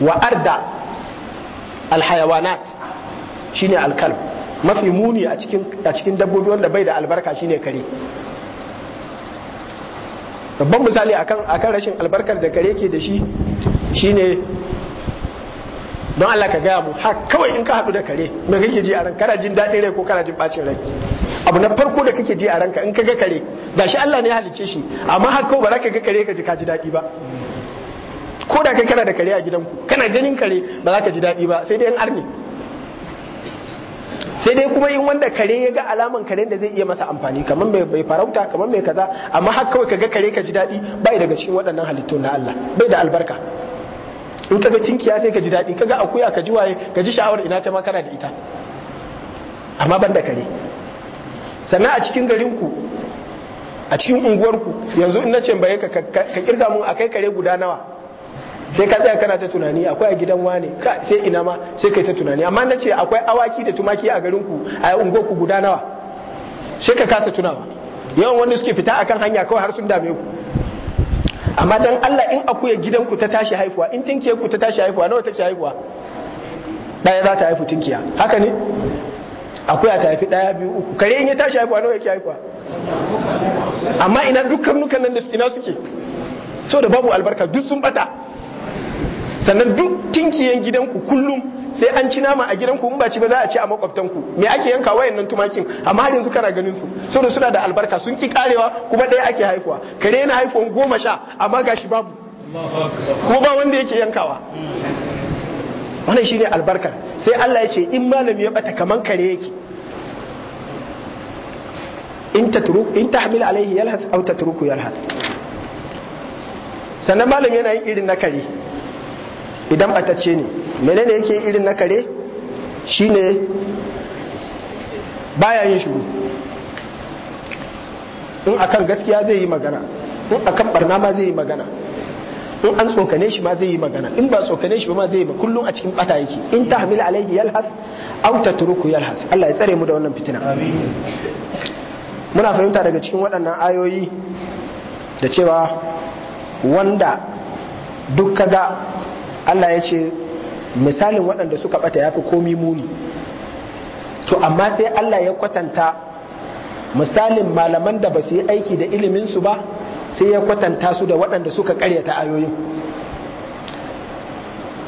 wa arda alhayawanat shine alkal mafi muni a cikin dabbobi wanda bai da albarka shine kare babban misali akan akan rashin albarkar da kare ke da shi shine don Allah ka gaya mu ha kawai in ka haɗu da kare me kake ji a ran kana jin daɗin rai ko kana jin bacin rai abu na farko da kake ji a ranka in ka ga kare gashi Allah ne ya halicce shi amma har kawai ba za ka ga kare ka ji ka ji daɗi ba ko da kai kana da kare a gidanku kana ganin kare ba za ka ji daɗi ba sai dai an arni sai dai kuma in wanda kare ya ga alaman kare da zai iya masa amfani kamar mai farauta kamar mai kaza amma har kawai ka ga kare ka ji daɗi bai daga cikin waɗannan halittu na Allah bai da albarka in ka ga tinkiya sai ka ji daɗi ka ga akuya ka ji waye ka ji sha'awar ina kai ma kana da ita amma ban da kare sannan a cikin garinku a cikin unguwarku yanzu in na ce bai ka kirga mun akai kare guda nawa sai ka tsaya kana ta tunani akwai a gidan wane sai ina ma sai kai ta tunani amma na ce akwai awaki da tumaki a garin ku a unguwar ku guda nawa sai ka kasa tunawa yawan wanda suke fita akan hanya kawai har sun dame ku amma dan Allah in akuya gidan ku ta tashi haihuwa in tinkiya ku ta tashi haihuwa nawa take haihuwa daya za ta haifu tinkiya haka ne akuya ta haifi daya biyu uku kare in ya tashi haihuwa nawa yake haihuwa amma ina dukkan nukan nan da ina suke so da babu albarka duk sun bata sannan duk tinkiyen gidanku kullum sai an ci nama a gidanku in ba ci ba za a ci a makwabtanku me ake yanka nan tumakin amma har yanzu kana ganin su saboda suna da albarka sun ki karewa kuma ɗaya ake haihuwa kare yana haihuwan goma sha amma gashi babu kuma ba wanda yake yankawa wannan shine albarkar sai Allah ya ce in malami ya bata kaman kare yake in tatruk in tahmil alaihi yalhas aw tatruku yalhas sannan malami yana yin irin na kare idan batacce ne menene yake irin na kare ne bayan yin shuru in akan gaskiya zai yi magana in akan barna ma zai yi magana in an tsokane shi ma zai yi magana in ba tsokane shi ba ma zai yi kullum a cikin bata yake in ta hamil alaihi yalhas aw turuku yalhas Allah ya tsare mu da wannan fitina muna fahimta daga cikin waɗannan ayoyi da cewa wanda duk kaga Allah ya ce misalin waɗanda suka ɓata ya fi komi muni to amma sai Allah ya kwatanta misalin malaman da ba su yi aiki da iliminsu ba sai ya kwatanta su da waɗanda suka karya ayoyin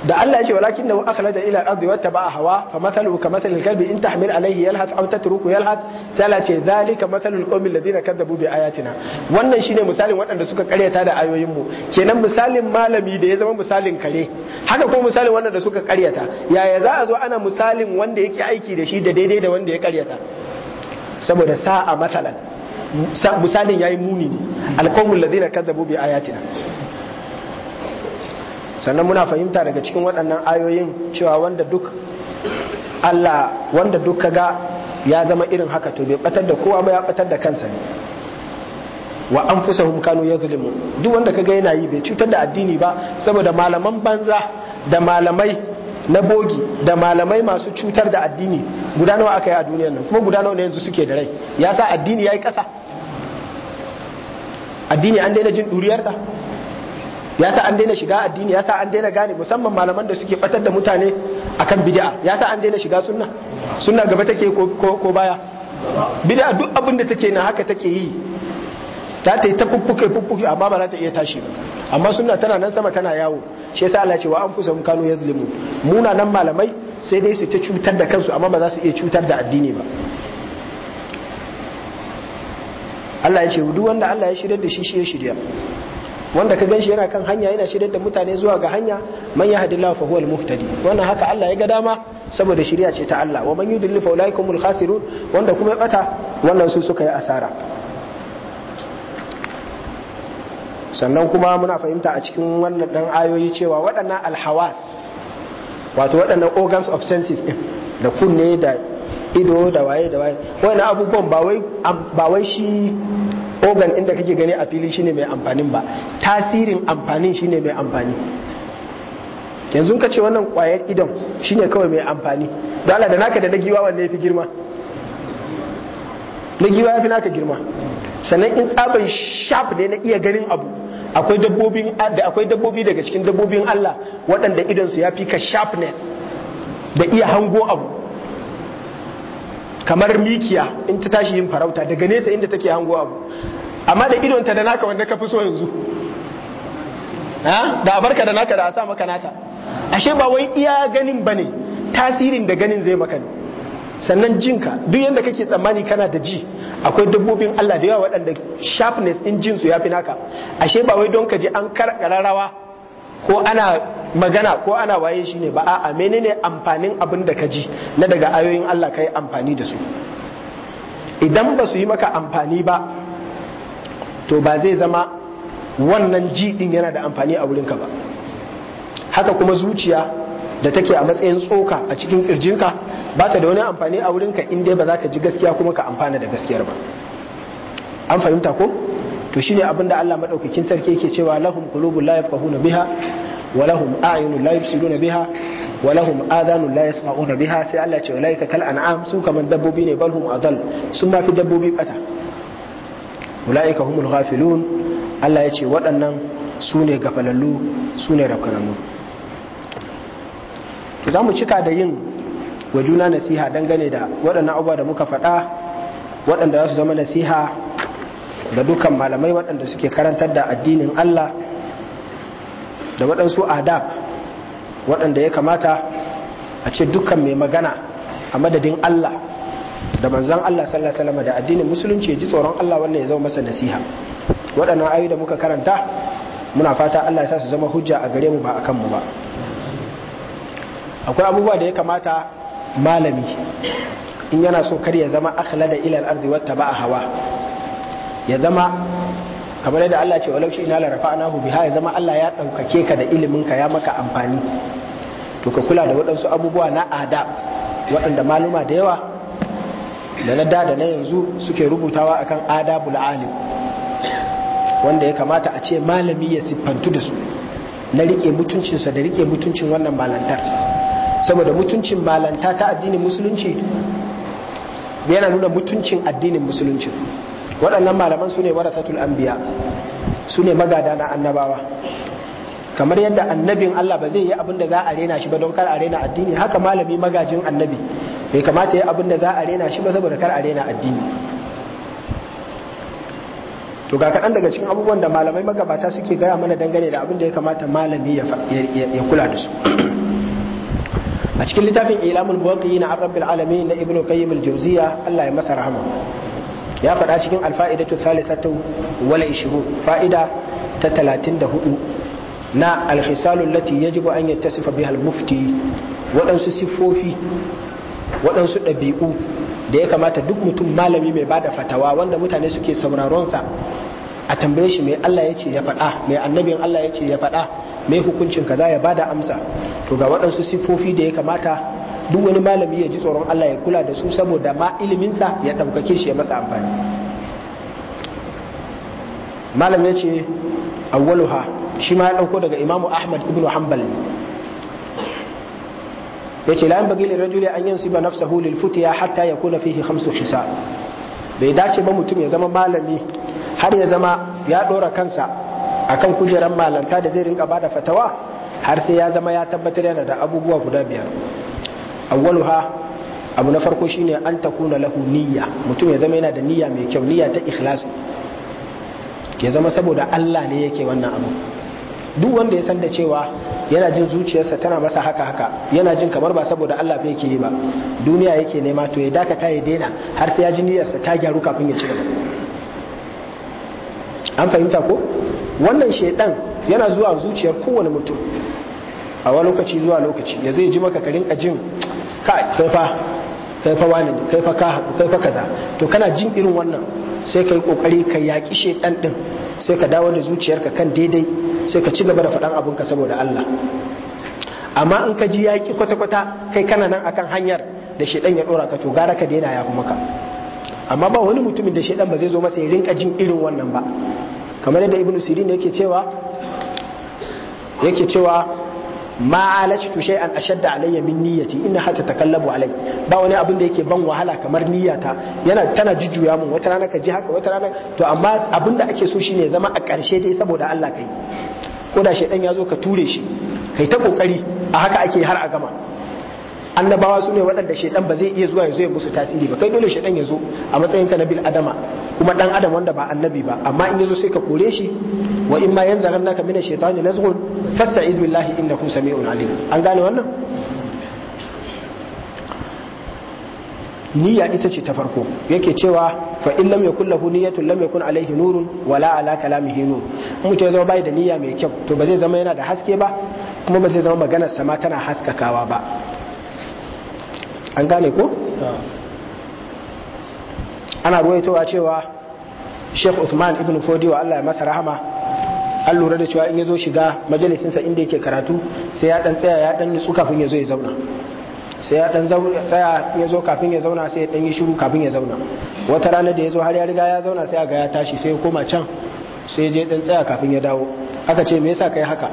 da Allah yace walakin da akhlaja ila al-ardi wattaba'a hawa fa mathaluhu ka mathali al-kalbi in tahmil alayhi yalhath aw tatruku yalhath sai Allah ce zalika mathalul qawmi alladhina kadzabu bi ayatina wannan shine misalin waɗanda suka karyata da ayoyin mu kenan misalin malami da ya zama misalin kare haka ko misalin waɗanda suka karyata yaya za a zo ana misalin wanda yake aiki da shi da daidai da wanda ya karyata saboda sa'a mathalan misalin yayi muni ne alqawmul ladina kadzabu bi ayatina sannan muna fahimta daga cikin waɗannan ayoyin cewa wanda duk Allah wanda duk kaga ya zama irin haka to bai batar da kowa ba ya batar da kansa ne wa an anfusahum kanu yazlimun duk wanda kaga yana yi bai cutar da addini ba saboda malaman banza da malamai na bogi da malamai masu cutar da addini guda nawa aka yi a duniyar nan kuma guda nawa ne yanzu suke da rai ya sa addini ya yi ƙasa addini an daina jin ɗuriyarsa Ya sa an daina shiga addini ya sa an daina gane musamman malaman da suke fatar da mutane akan bid'a sa an daina shiga sunna sunna gaba take ko ko baya bid'a duk abin da take na haka take yi ta ta yi ta fuffuke fuffuke amma ba za ta iya tashi ba amma sunna tana nan sama tana yawo shi yasa Allah ce wa anfusahum kanu mu muna nan malamai sai dai su ta cutar da kansu amma ba za su iya cutar da addini ba Allah ya ce duk wanda Allah ya shirya da shi shi ya shirya wanda ka ganshi yana kan hanya yana shirya da mutane zuwa ga hanya man ya hadi fa huwal muhtadi wannan haka Allah ya ga dama saboda shiriya ce ta Allah wa man yudlil fa ulaikumul khasirun wanda kuma ya bata wannan su suka yi asara sannan kuma muna fahimta a cikin wannan dan ayoyi cewa waɗannan alhawas wato waɗannan organs of senses ɗin da kunne da ido da waye da waye waɗannan abubuwan ba wai shi organ inda kake gani a fili shine mai amfanin ba tasirin amfanin shine mai amfani yanzu ka ce wannan kwayar idan shine kawai mai amfani dala da naka da na giwa wanda ya fi girma na giwa ya fi naka girma sannan in tsaban sharp ne na iya ganin abu akwai dabbobin da akwai dabbobi daga cikin dabbobin Allah waɗanda idan su ya fi ka sharpness da iya hango abu kamar mikiya in ta tashi yin farauta daga nesa inda take hango abu amma da idonta da naka wanda ka fi so yanzu da abarka da naka da a sa maka naka ashe ba wai iya ganin ba ne tasirin da ganin zai maka ne sannan jinka duk yadda kake tsammani kana da ji akwai dabbobin Allah da yawa waɗanda sharpness in jinsu ya fi naka ashe ba wai don ka ji an karkara ko ana magana ko ana waye shi ne ba a'a ne amfanin abin da ka ji na daga ayoyin Allah ka yi amfani da su idan ba su yi maka amfani ba to ba zai zama wannan ji din yana da amfani a wurinka ba haka kuma zuciya da take a matsayin tsoka a cikin kirjinka ba ta da wani amfani a wurinka in dai ba za ka ji gaskiya kuma ka amfana da gaskiyar ba an fahimta ko to shine abin da Allah madaukakin sarki yake cewa lahum qulubun la yafqahuna biha wa lahum a'yunun la yubsiruna biha wa lahum adhanun la yasma'una biha sai Allah ce laika kal an'am su kaman dabbobi ne balhum adall sun ma fi dabbobi bata ulaika humul ghafilun Allah ya ce waɗannan su ne gafalallu su ne rafkanannu to za mu cika da yin wa juna nasiha dangane da waɗannan abuwa da muka faɗa waɗanda za su zama nasiha da dukan malamai waɗanda suke karantar da addinin Allah da waɗansu adab waɗanda ya kamata a ce dukkan mai magana a madadin Allah da manzan Allah sallallahu alaihi wasallam da addinin musulunci ya ji tsoron Allah wannan ya zama masa nasiha waɗannan ayoyi da muka karanta muna fata Allah ya sa su zama hujja a gare mu ba a mu ba akwai abubuwa da ya kamata malami in yana so kar ya zama akhla da ilal ardi wata ba a hawa ya zama kamar yadda Allah ce walau shi ina la rafa'nahu biha ya zama Allah ya daukake ka da ilimin ka ya maka amfani to ka kula da waɗansu abubuwa na adab waɗanda maluma da yawa da na da da na yanzu suke rubutawa akan adabul alim wanda ya kamata a ce malami ya siffantu da su na rike mutuncinsa da rike mutuncin wannan malantar saboda mutuncin balanta ta addinin musulunci yana nuna mutuncin addinin musulunci waɗannan malaman su ne warasatul anbiya su ne magada na annabawa kamar yadda annabin Allah ba zai yi abinda da za a rena shi ba don kar a rena addini haka malami magajin annabi bai kamata yi abin da za a rena shi ba saboda kar a rena addini to ga kaɗan daga cikin abubuwan da malamai magabata suke gaya mana dangane da abin da ya kamata malami ya kula da su a cikin littafin ilamul yi na arabbil alamin na ibnu qayyim al Allah ya masa rahama ya faɗa cikin alfa'idatu ta wal 20 fa'ida ta 34 na al-khisalu allati yajibu an yattasifa biha al-mufti waɗansu siffofi waɗansu ɗabi'u da ya kamata duk mutum malami mai bada fatawa wanda mutane suke sauraronsa a tambaye shi mai Allah ya ce ya faɗa mai annabin Allah ya ce ya faɗa mai hukuncin kaza ya bada amsa to ga waɗansu siffofi da ya kamata duk wani malami ya ji tsoron Allah ya kula da su saboda ma iliminsa ya ɗaukake shi ya masa amfani malam ya ce awwaluha shi ma ya ɗauko daga imamu ahmad ibn hanbal yace la yanbaghi lirrajuli an yansiba nafsahu lil ya hatta yakuna fihi hamsu kusa bai dace ba mutum ya zama malami har ya zama ya dora kansa akan kujerar malanta da zai rinka bada fatawa har sai ya zama ya tabbatar yana da abubuwa guda biyar ha abu na farko shine an takuna lahu niyya mutum ya zama yana da niyya mai kyau niyya ta ikhlasi ya zama saboda Allah ne yake wannan abu duk wanda ya san da cewa yana jin zuciyarsa tana masa haka haka yana jin kamar ba saboda Allah bai yake yi ba duniya yake nema to ya ta ya daina har sai ya ji niyyarsa ta gyaru kafin ya ci gaba an fahimta ko wannan shedan yana zuwa zuciyar kowane mutum a wani lokaci zuwa lokaci ya zai ji maka ka rinka jin kai fa kai fa wani kai fa ka kai fa kaza to kana jin irin wannan sai kai kokari ka yaki shedan din sai ka dawo da zuciyarka kan daidai sai ka ci gaba da faɗan abinka saboda Allah amma in ka ji ya kwata-kwata kai kana nan akan hanyar da shaidan ya ɗora ka to gara ka daina ya kuma ka amma ba wani mutumin da shaidan ba zai zo masa ya rinka jin irin wannan ba kamar yadda ibnu sirin yake cewa yake cewa ma alajtu shay'an ashadda alayya min niyyati inna hatta takallabu alai ba wani abin da yake ban wahala kamar niyyata yana tana jujjuya mun wata rana ka ji haka wata rana to amma abin da ake so shine zama a ƙarshe dai saboda Allah kai Koda da shaidan ya zo ka ture shi kai ta kokari a haka ake har a gama annabawa su ne waɗanda shaidan ba zai iya zuwa ya zo ya musu tasiri ba kai dole shaidan ya zo a matsayin ka na bil adama kuma dan adam wanda ba annabi ba amma in yazo sai ka kore shi wa in ma yanzu yanzaghannaka mina shaitani nazghun fasta'iz billahi innahu sami'un alim an gane wannan niyya ita ce ta farko yake cewa fa in lam yakul lahu niyyatun lam yakun alaihi nurun wala ala kalamihi nur mun ya zama bai da niyya mai kyau to ba zai zama yana da haske ba kuma ba zai zama maganar sama tana haskakawa ba an gane ko ana ruwaitowa cewa Sheikh Usman ibn Fodi wa Allah ya masa rahama an lura da cewa in ya zo shiga majalisinsa inda yake karatu sai ya dan tsaya ya dan nutsu kafin ya zo ya zauna sai ya dan tsaya ya zo kafin ya zauna sai ya dan yi shiru kafin ya zauna wata rana da ya zo har ya riga ya zauna sai ga ya tashi sai ya koma can sai je dan tsaya kafin ya dawo aka ce me yasa kai haka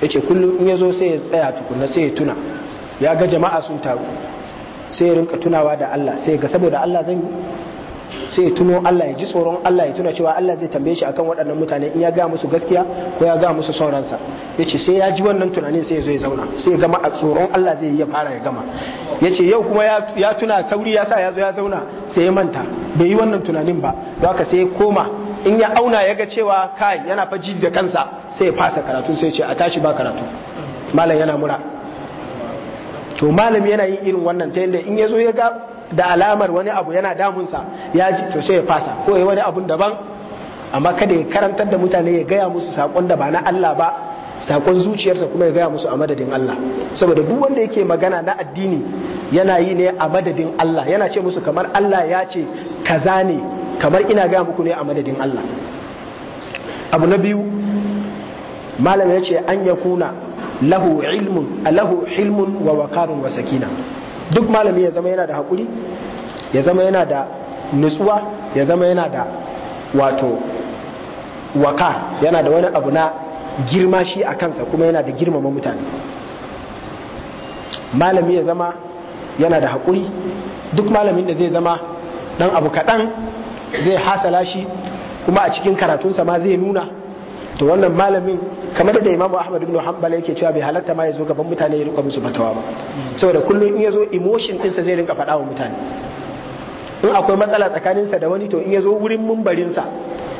yace kullum in ya zo sai ya tsaya tukunna sai ya tuna ya ga jama'a sun taru sai ya rinka tunawa da Allah sai ga saboda Allah zan sai ya tuno Allah ya ji tsoron Allah ya tuna cewa Allah zai tambaye shi akan waɗannan mutane in ya ga musu gaskiya ko ya ga musu sauransa yace sai ya ji wannan tunanin sai ya zo ya zauna sai ya gama a tsoron Allah zai ya fara ya gama yace yau kuma ya tuna kauri ya sa ya zo ya zauna sai ya manta bai yi wannan tunanin ba don haka sai ya koma in ya auna ya ga cewa kai yana fa da kansa sai ya fasa karatu sai ya ce a tashi ba karatu malam yana mura to malami yana yin irin wannan ta yadda in ya zo ya ga da alamar wani abu yana damunsa ya ji to sai ya fasa ko ya wani abun daban amma kada ya karantar da mutane ya gaya musu sakon da ba na Allah ba sakon zuciyarsa kuma ya gaya musu a madadin Allah saboda duk wanda yake magana na addini yana yi ne a madadin Allah yana ce musu kamar Allah ya ce kaza ne kamar ina gaya muku ne a madadin Allah abu na biyu malama ya ce an ya kuna lahu ilmun lahu ilmun wa waqarun wa sakina duk malami ya zama yana da haƙuri ya zama yana da nutsuwa ya zama yana da wato waka yana da wani abu na girma shi a kansa kuma yana da girmama mutane malami ya zama yana da haƙuri duk malamin da zai zama ɗan abu kaɗan zai hasala shi kuma a cikin karatunsa ma zai nuna to wannan malamin kamar da imamu ahmad ibn hanbal yake cewa bai halatta ma ya zo gaban mutane ya rinka musu fatawa ba saboda kullum in ya zo emotion ɗinsa zai rinka faɗa wa mutane in akwai matsala tsakaninsa da wani to in ya zo wurin mumbarinsa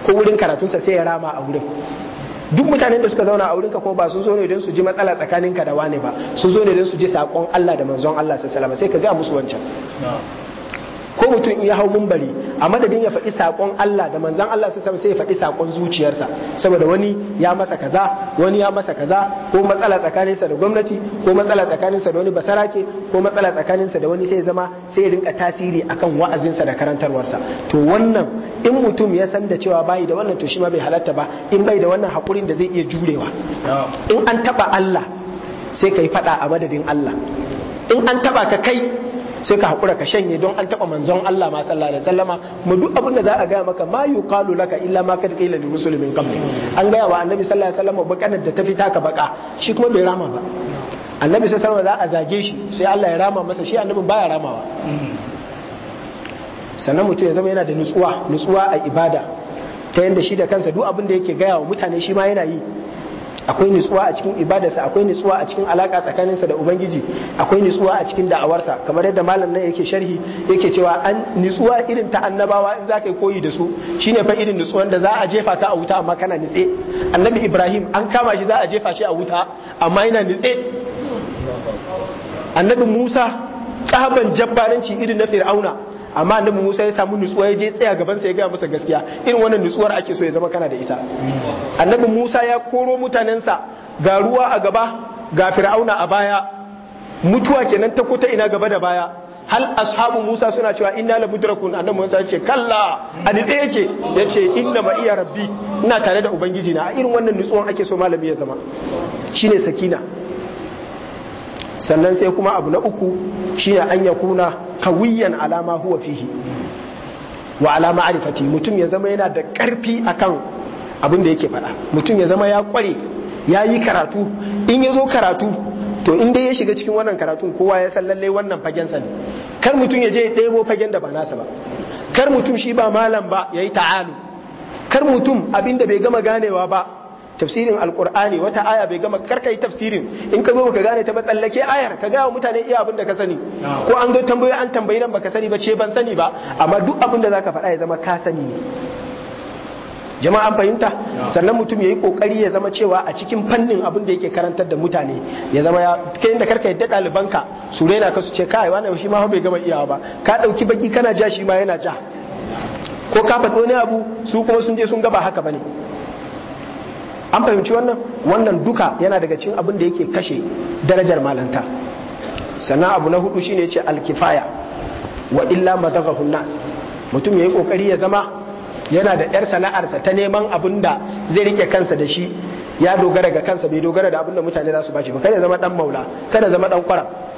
ko wurin karatunsa sai ya rama a wurin duk mutanen da suka zauna a wurinka ko ba sun zo ne don su ji matsala tsakaninka da wani ba sun zo ne don su ji saƙon Allah da manzon Allah sai ka ga musu wancan ko mutum in ya hau mumbari a madadin ya faɗi saƙon Allah da manzan Allah su sai ya faɗi saƙon zuciyarsa saboda wani ya masa kaza wani ya masa kaza ko matsala tsakaninsa da gwamnati ko matsala tsakaninsa da wani basarake ko matsala tsakaninsa da wani sai zama sai ya rinka tasiri akan wa'azinsa da karantarwarsa to wannan in mutum ya san da cewa bai da wannan to shi ma bai halatta ba in bai da wannan hakurin da zai iya jurewa in an taba Allah sai ka yi faɗa a madadin Allah in an taba ka kai sai ka haƙura ka shanye don an taba manzon Allah ma sallallahu alaihi wasallam mu duk abin da za a gaya maka ma yuqalu laka illa ma kad qila lil muslimin qabli an gaya wa annabi sallallahu alaihi wasallam bakanar da ta fita ka baka shi kuma bai rama ba annabi sallallahu alaihi wasallam za a zage shi sai Allah ya rama masa shi annabi baya ramawa sannan mutum ya zama yana da nutsuwa nutsuwa a ibada ta yanda shi da kansa duk abin da yake gaya wa mutane shi ma yana yi akwai nutsuwa a cikin ibadarsa akwai nutsuwa a cikin alaka tsakaninsa da ubangiji akwai nutsuwa a cikin da'awarsa kamar yadda malam nan yake sharhi yake cewa an nutsuwa irin ta annabawa in za ka yi koyi da su shine fa irin nutsuwan da za a jefa ka a wuta amma kana nitse annabi ibrahim an kama shi za a jefa shi a wuta amma yana nitse annabi musa tsaban jabbaranci irin na fir'auna amma annabi Musa ya samu nutsuwa ya je tsaya gaban sa ya ga masa gaskiya irin wannan nutsuwar ake so ya zama kana da ita annabi Musa ya koro mutanensa ga ruwa a gaba ga fir'auna a baya mutuwa kenan ta kota ina gaba da baya hal ashabu Musa suna cewa inna la mudrakun annabi Musa ya ce kalla a nitse yake ya ce inna ma iya rabbi ina tare da ubangiji na irin wannan nutsuwan ake so malami ya zama shine sakina sannan sai kuma abu na uku shine an ya kuna kawiyan alama huwa fihi wa alama arifati mutum ya zama yana da karfi akan abin da yake faɗa mutum ya zama ya kware ya yi karatu in ya zo karatu to in dai ya shiga cikin wannan karatun kowa ya san lallai wannan fagen sani kar mutum ya je ya ɗebo fagen da ba nasa ba kar mutum shi ba malam ba ya yi ta'alu kar mutum abin da bai gama ganewa ba tafsirin alkur'ani wata aya bai gama karka yi tafsirin in ka zo baka gane ta ba tsallake ayar ka gaya mutane iya abin da ka sani ko an zo tambayoyi an tambayi nan baka sani ba ce ban sani ba amma duk abin da zaka faɗa ya zama ka sani ne jama'a fahimta sannan mutum ya yi kokari ya zama cewa a cikin fannin abin da yake karantar da mutane ya zama ya kai inda karka yadda ɗalibanka su rena ka su ce kai wani shi ma bai gama iyawa ba ka ɗauki baki kana ja shi ma yana ja ko ka faɗo wani abu su kuma sun je sun gaba haka bane an fahimci wannan wannan duka yana daga cikin abin da yake kashe darajar malanta sannan abu na hudu shine ce alkifaya wa illa madaghahu nas mutum yayi kokari ya zama yana da yar sana'arsa ta neman abin da zai rike kansa da shi ya dogara ga kansa bai dogara da abin da mutane za su bashi ba kada zama dan maula kada zama dan kwara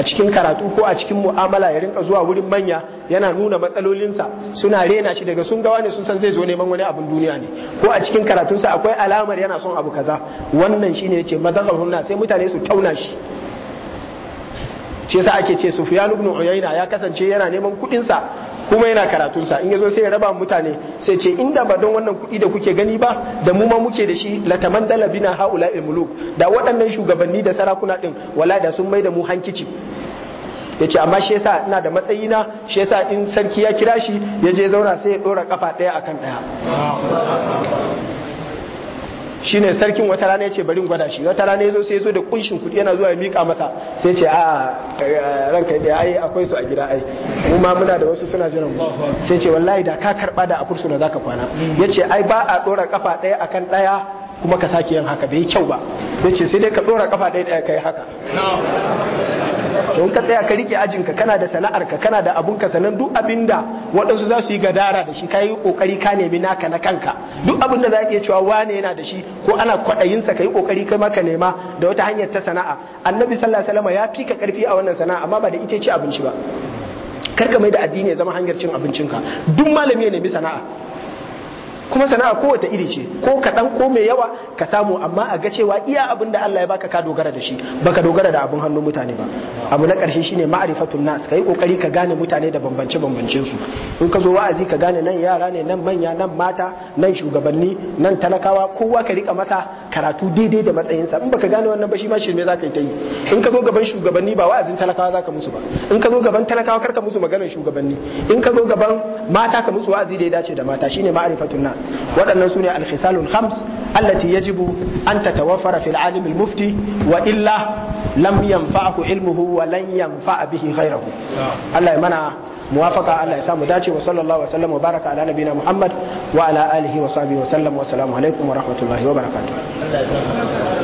a cikin karatu ko a cikin mu'amala ya rinka zuwa wurin manya yana nuna matsalolinsa suna rena shi daga sun gawa ne sun san zai zo neman wani abin duniya ne ko a cikin karatunsa akwai alamar yana son abu kaza wannan shine yace hunna sai mutane su tauna shi shi yasa ake ce Sufyan ibn Uyayna ya kasance yana neman kuɗinsa kuma yana karatunsa, sa in yazo sai ya raba mutane sai ce inda ba don wannan kuɗi da kuke gani ba da mu ma muke da shi latamandala bina haula muluk da waɗannan shugabanni da sarakuna ɗin wala da sun mai da mu hankici yace amma shi yasa ina da matsayi na shi yasa in sarki ya kira shi ya je zauna sai ya dora kafa daya akan daya shine sarkin wata rana ya ce bari gwada shi wata rana ya zo sai ya zo da kunshin kuɗi yana zuwa ya miƙa masa sai ce a ranka da ai akwai su a gida ai mu ma muna da wasu suna jiran mu sai ce wallahi da ka karba da afursu na zaka kwana yace ai ba a dora kafa ɗaya akan ɗaya kuma ka sake yin haka bai kyau ba yace sai dai ka dora kafa ɗaya ɗaya kai haka to ka tsaya ka rike ajin ka kana da sana'ar ka kana da abun ka sanan duk abinda waɗansu za su yi gadara da shi ka yi kokari ka nemi naka na kanka duk abinda za ka iya cewa wane yana da shi ko ana kwaɗayin sa ka yi kokari kai maka nema da wata hanyar ta sana'a annabi sallallahu alaihi wasallam ya fika karfi a wannan sana'a amma ba da ita ce abinci ba Kar ka mai da addini ya zama hanyar cin abincinka duk malami ya nemi sana'a kuma sana'a kowace iri ce ko kaɗan ko mai yawa ka samu amma a ga cewa iya abin da Allah ya baka ka dogara da shi baka dogara da abin hannun mutane ba abu na ƙarshe shine ma'rifatun nas kai kokari ka gane mutane da bambance bambancen su in ka zo wa'azi ka gane nan yara ne nan manya nan mata nan shugabanni nan talakawa kowa ka rika masa karatu daidai da matsayinsa in baka gane wannan ba shi ma shirme zaka yi ta yi in ka zo gaban shugabanni ba wa'azin talakawa zaka musu ba in ka zo gaban talakawa kar ka musu maganar shugabanni in ka zo gaban mata ka musu wa'azi da ya dace da mata shine ma'rifatun nas waɗannan sune al-khisalul khams allati yajibu an tatawafara fil alim al-mufti wa illa lam yanfa'ahu ilmuhu wa lan yanfa'a bihi ghayruhu Allah ya mana muwafaqa Allah ya samu dace wa sallallahu alaihi wa baraka ala nabina Muhammad wa ala alihi wa sahbihi wa sallam wa assalamu alaikum wa rahmatullahi wa barakatuh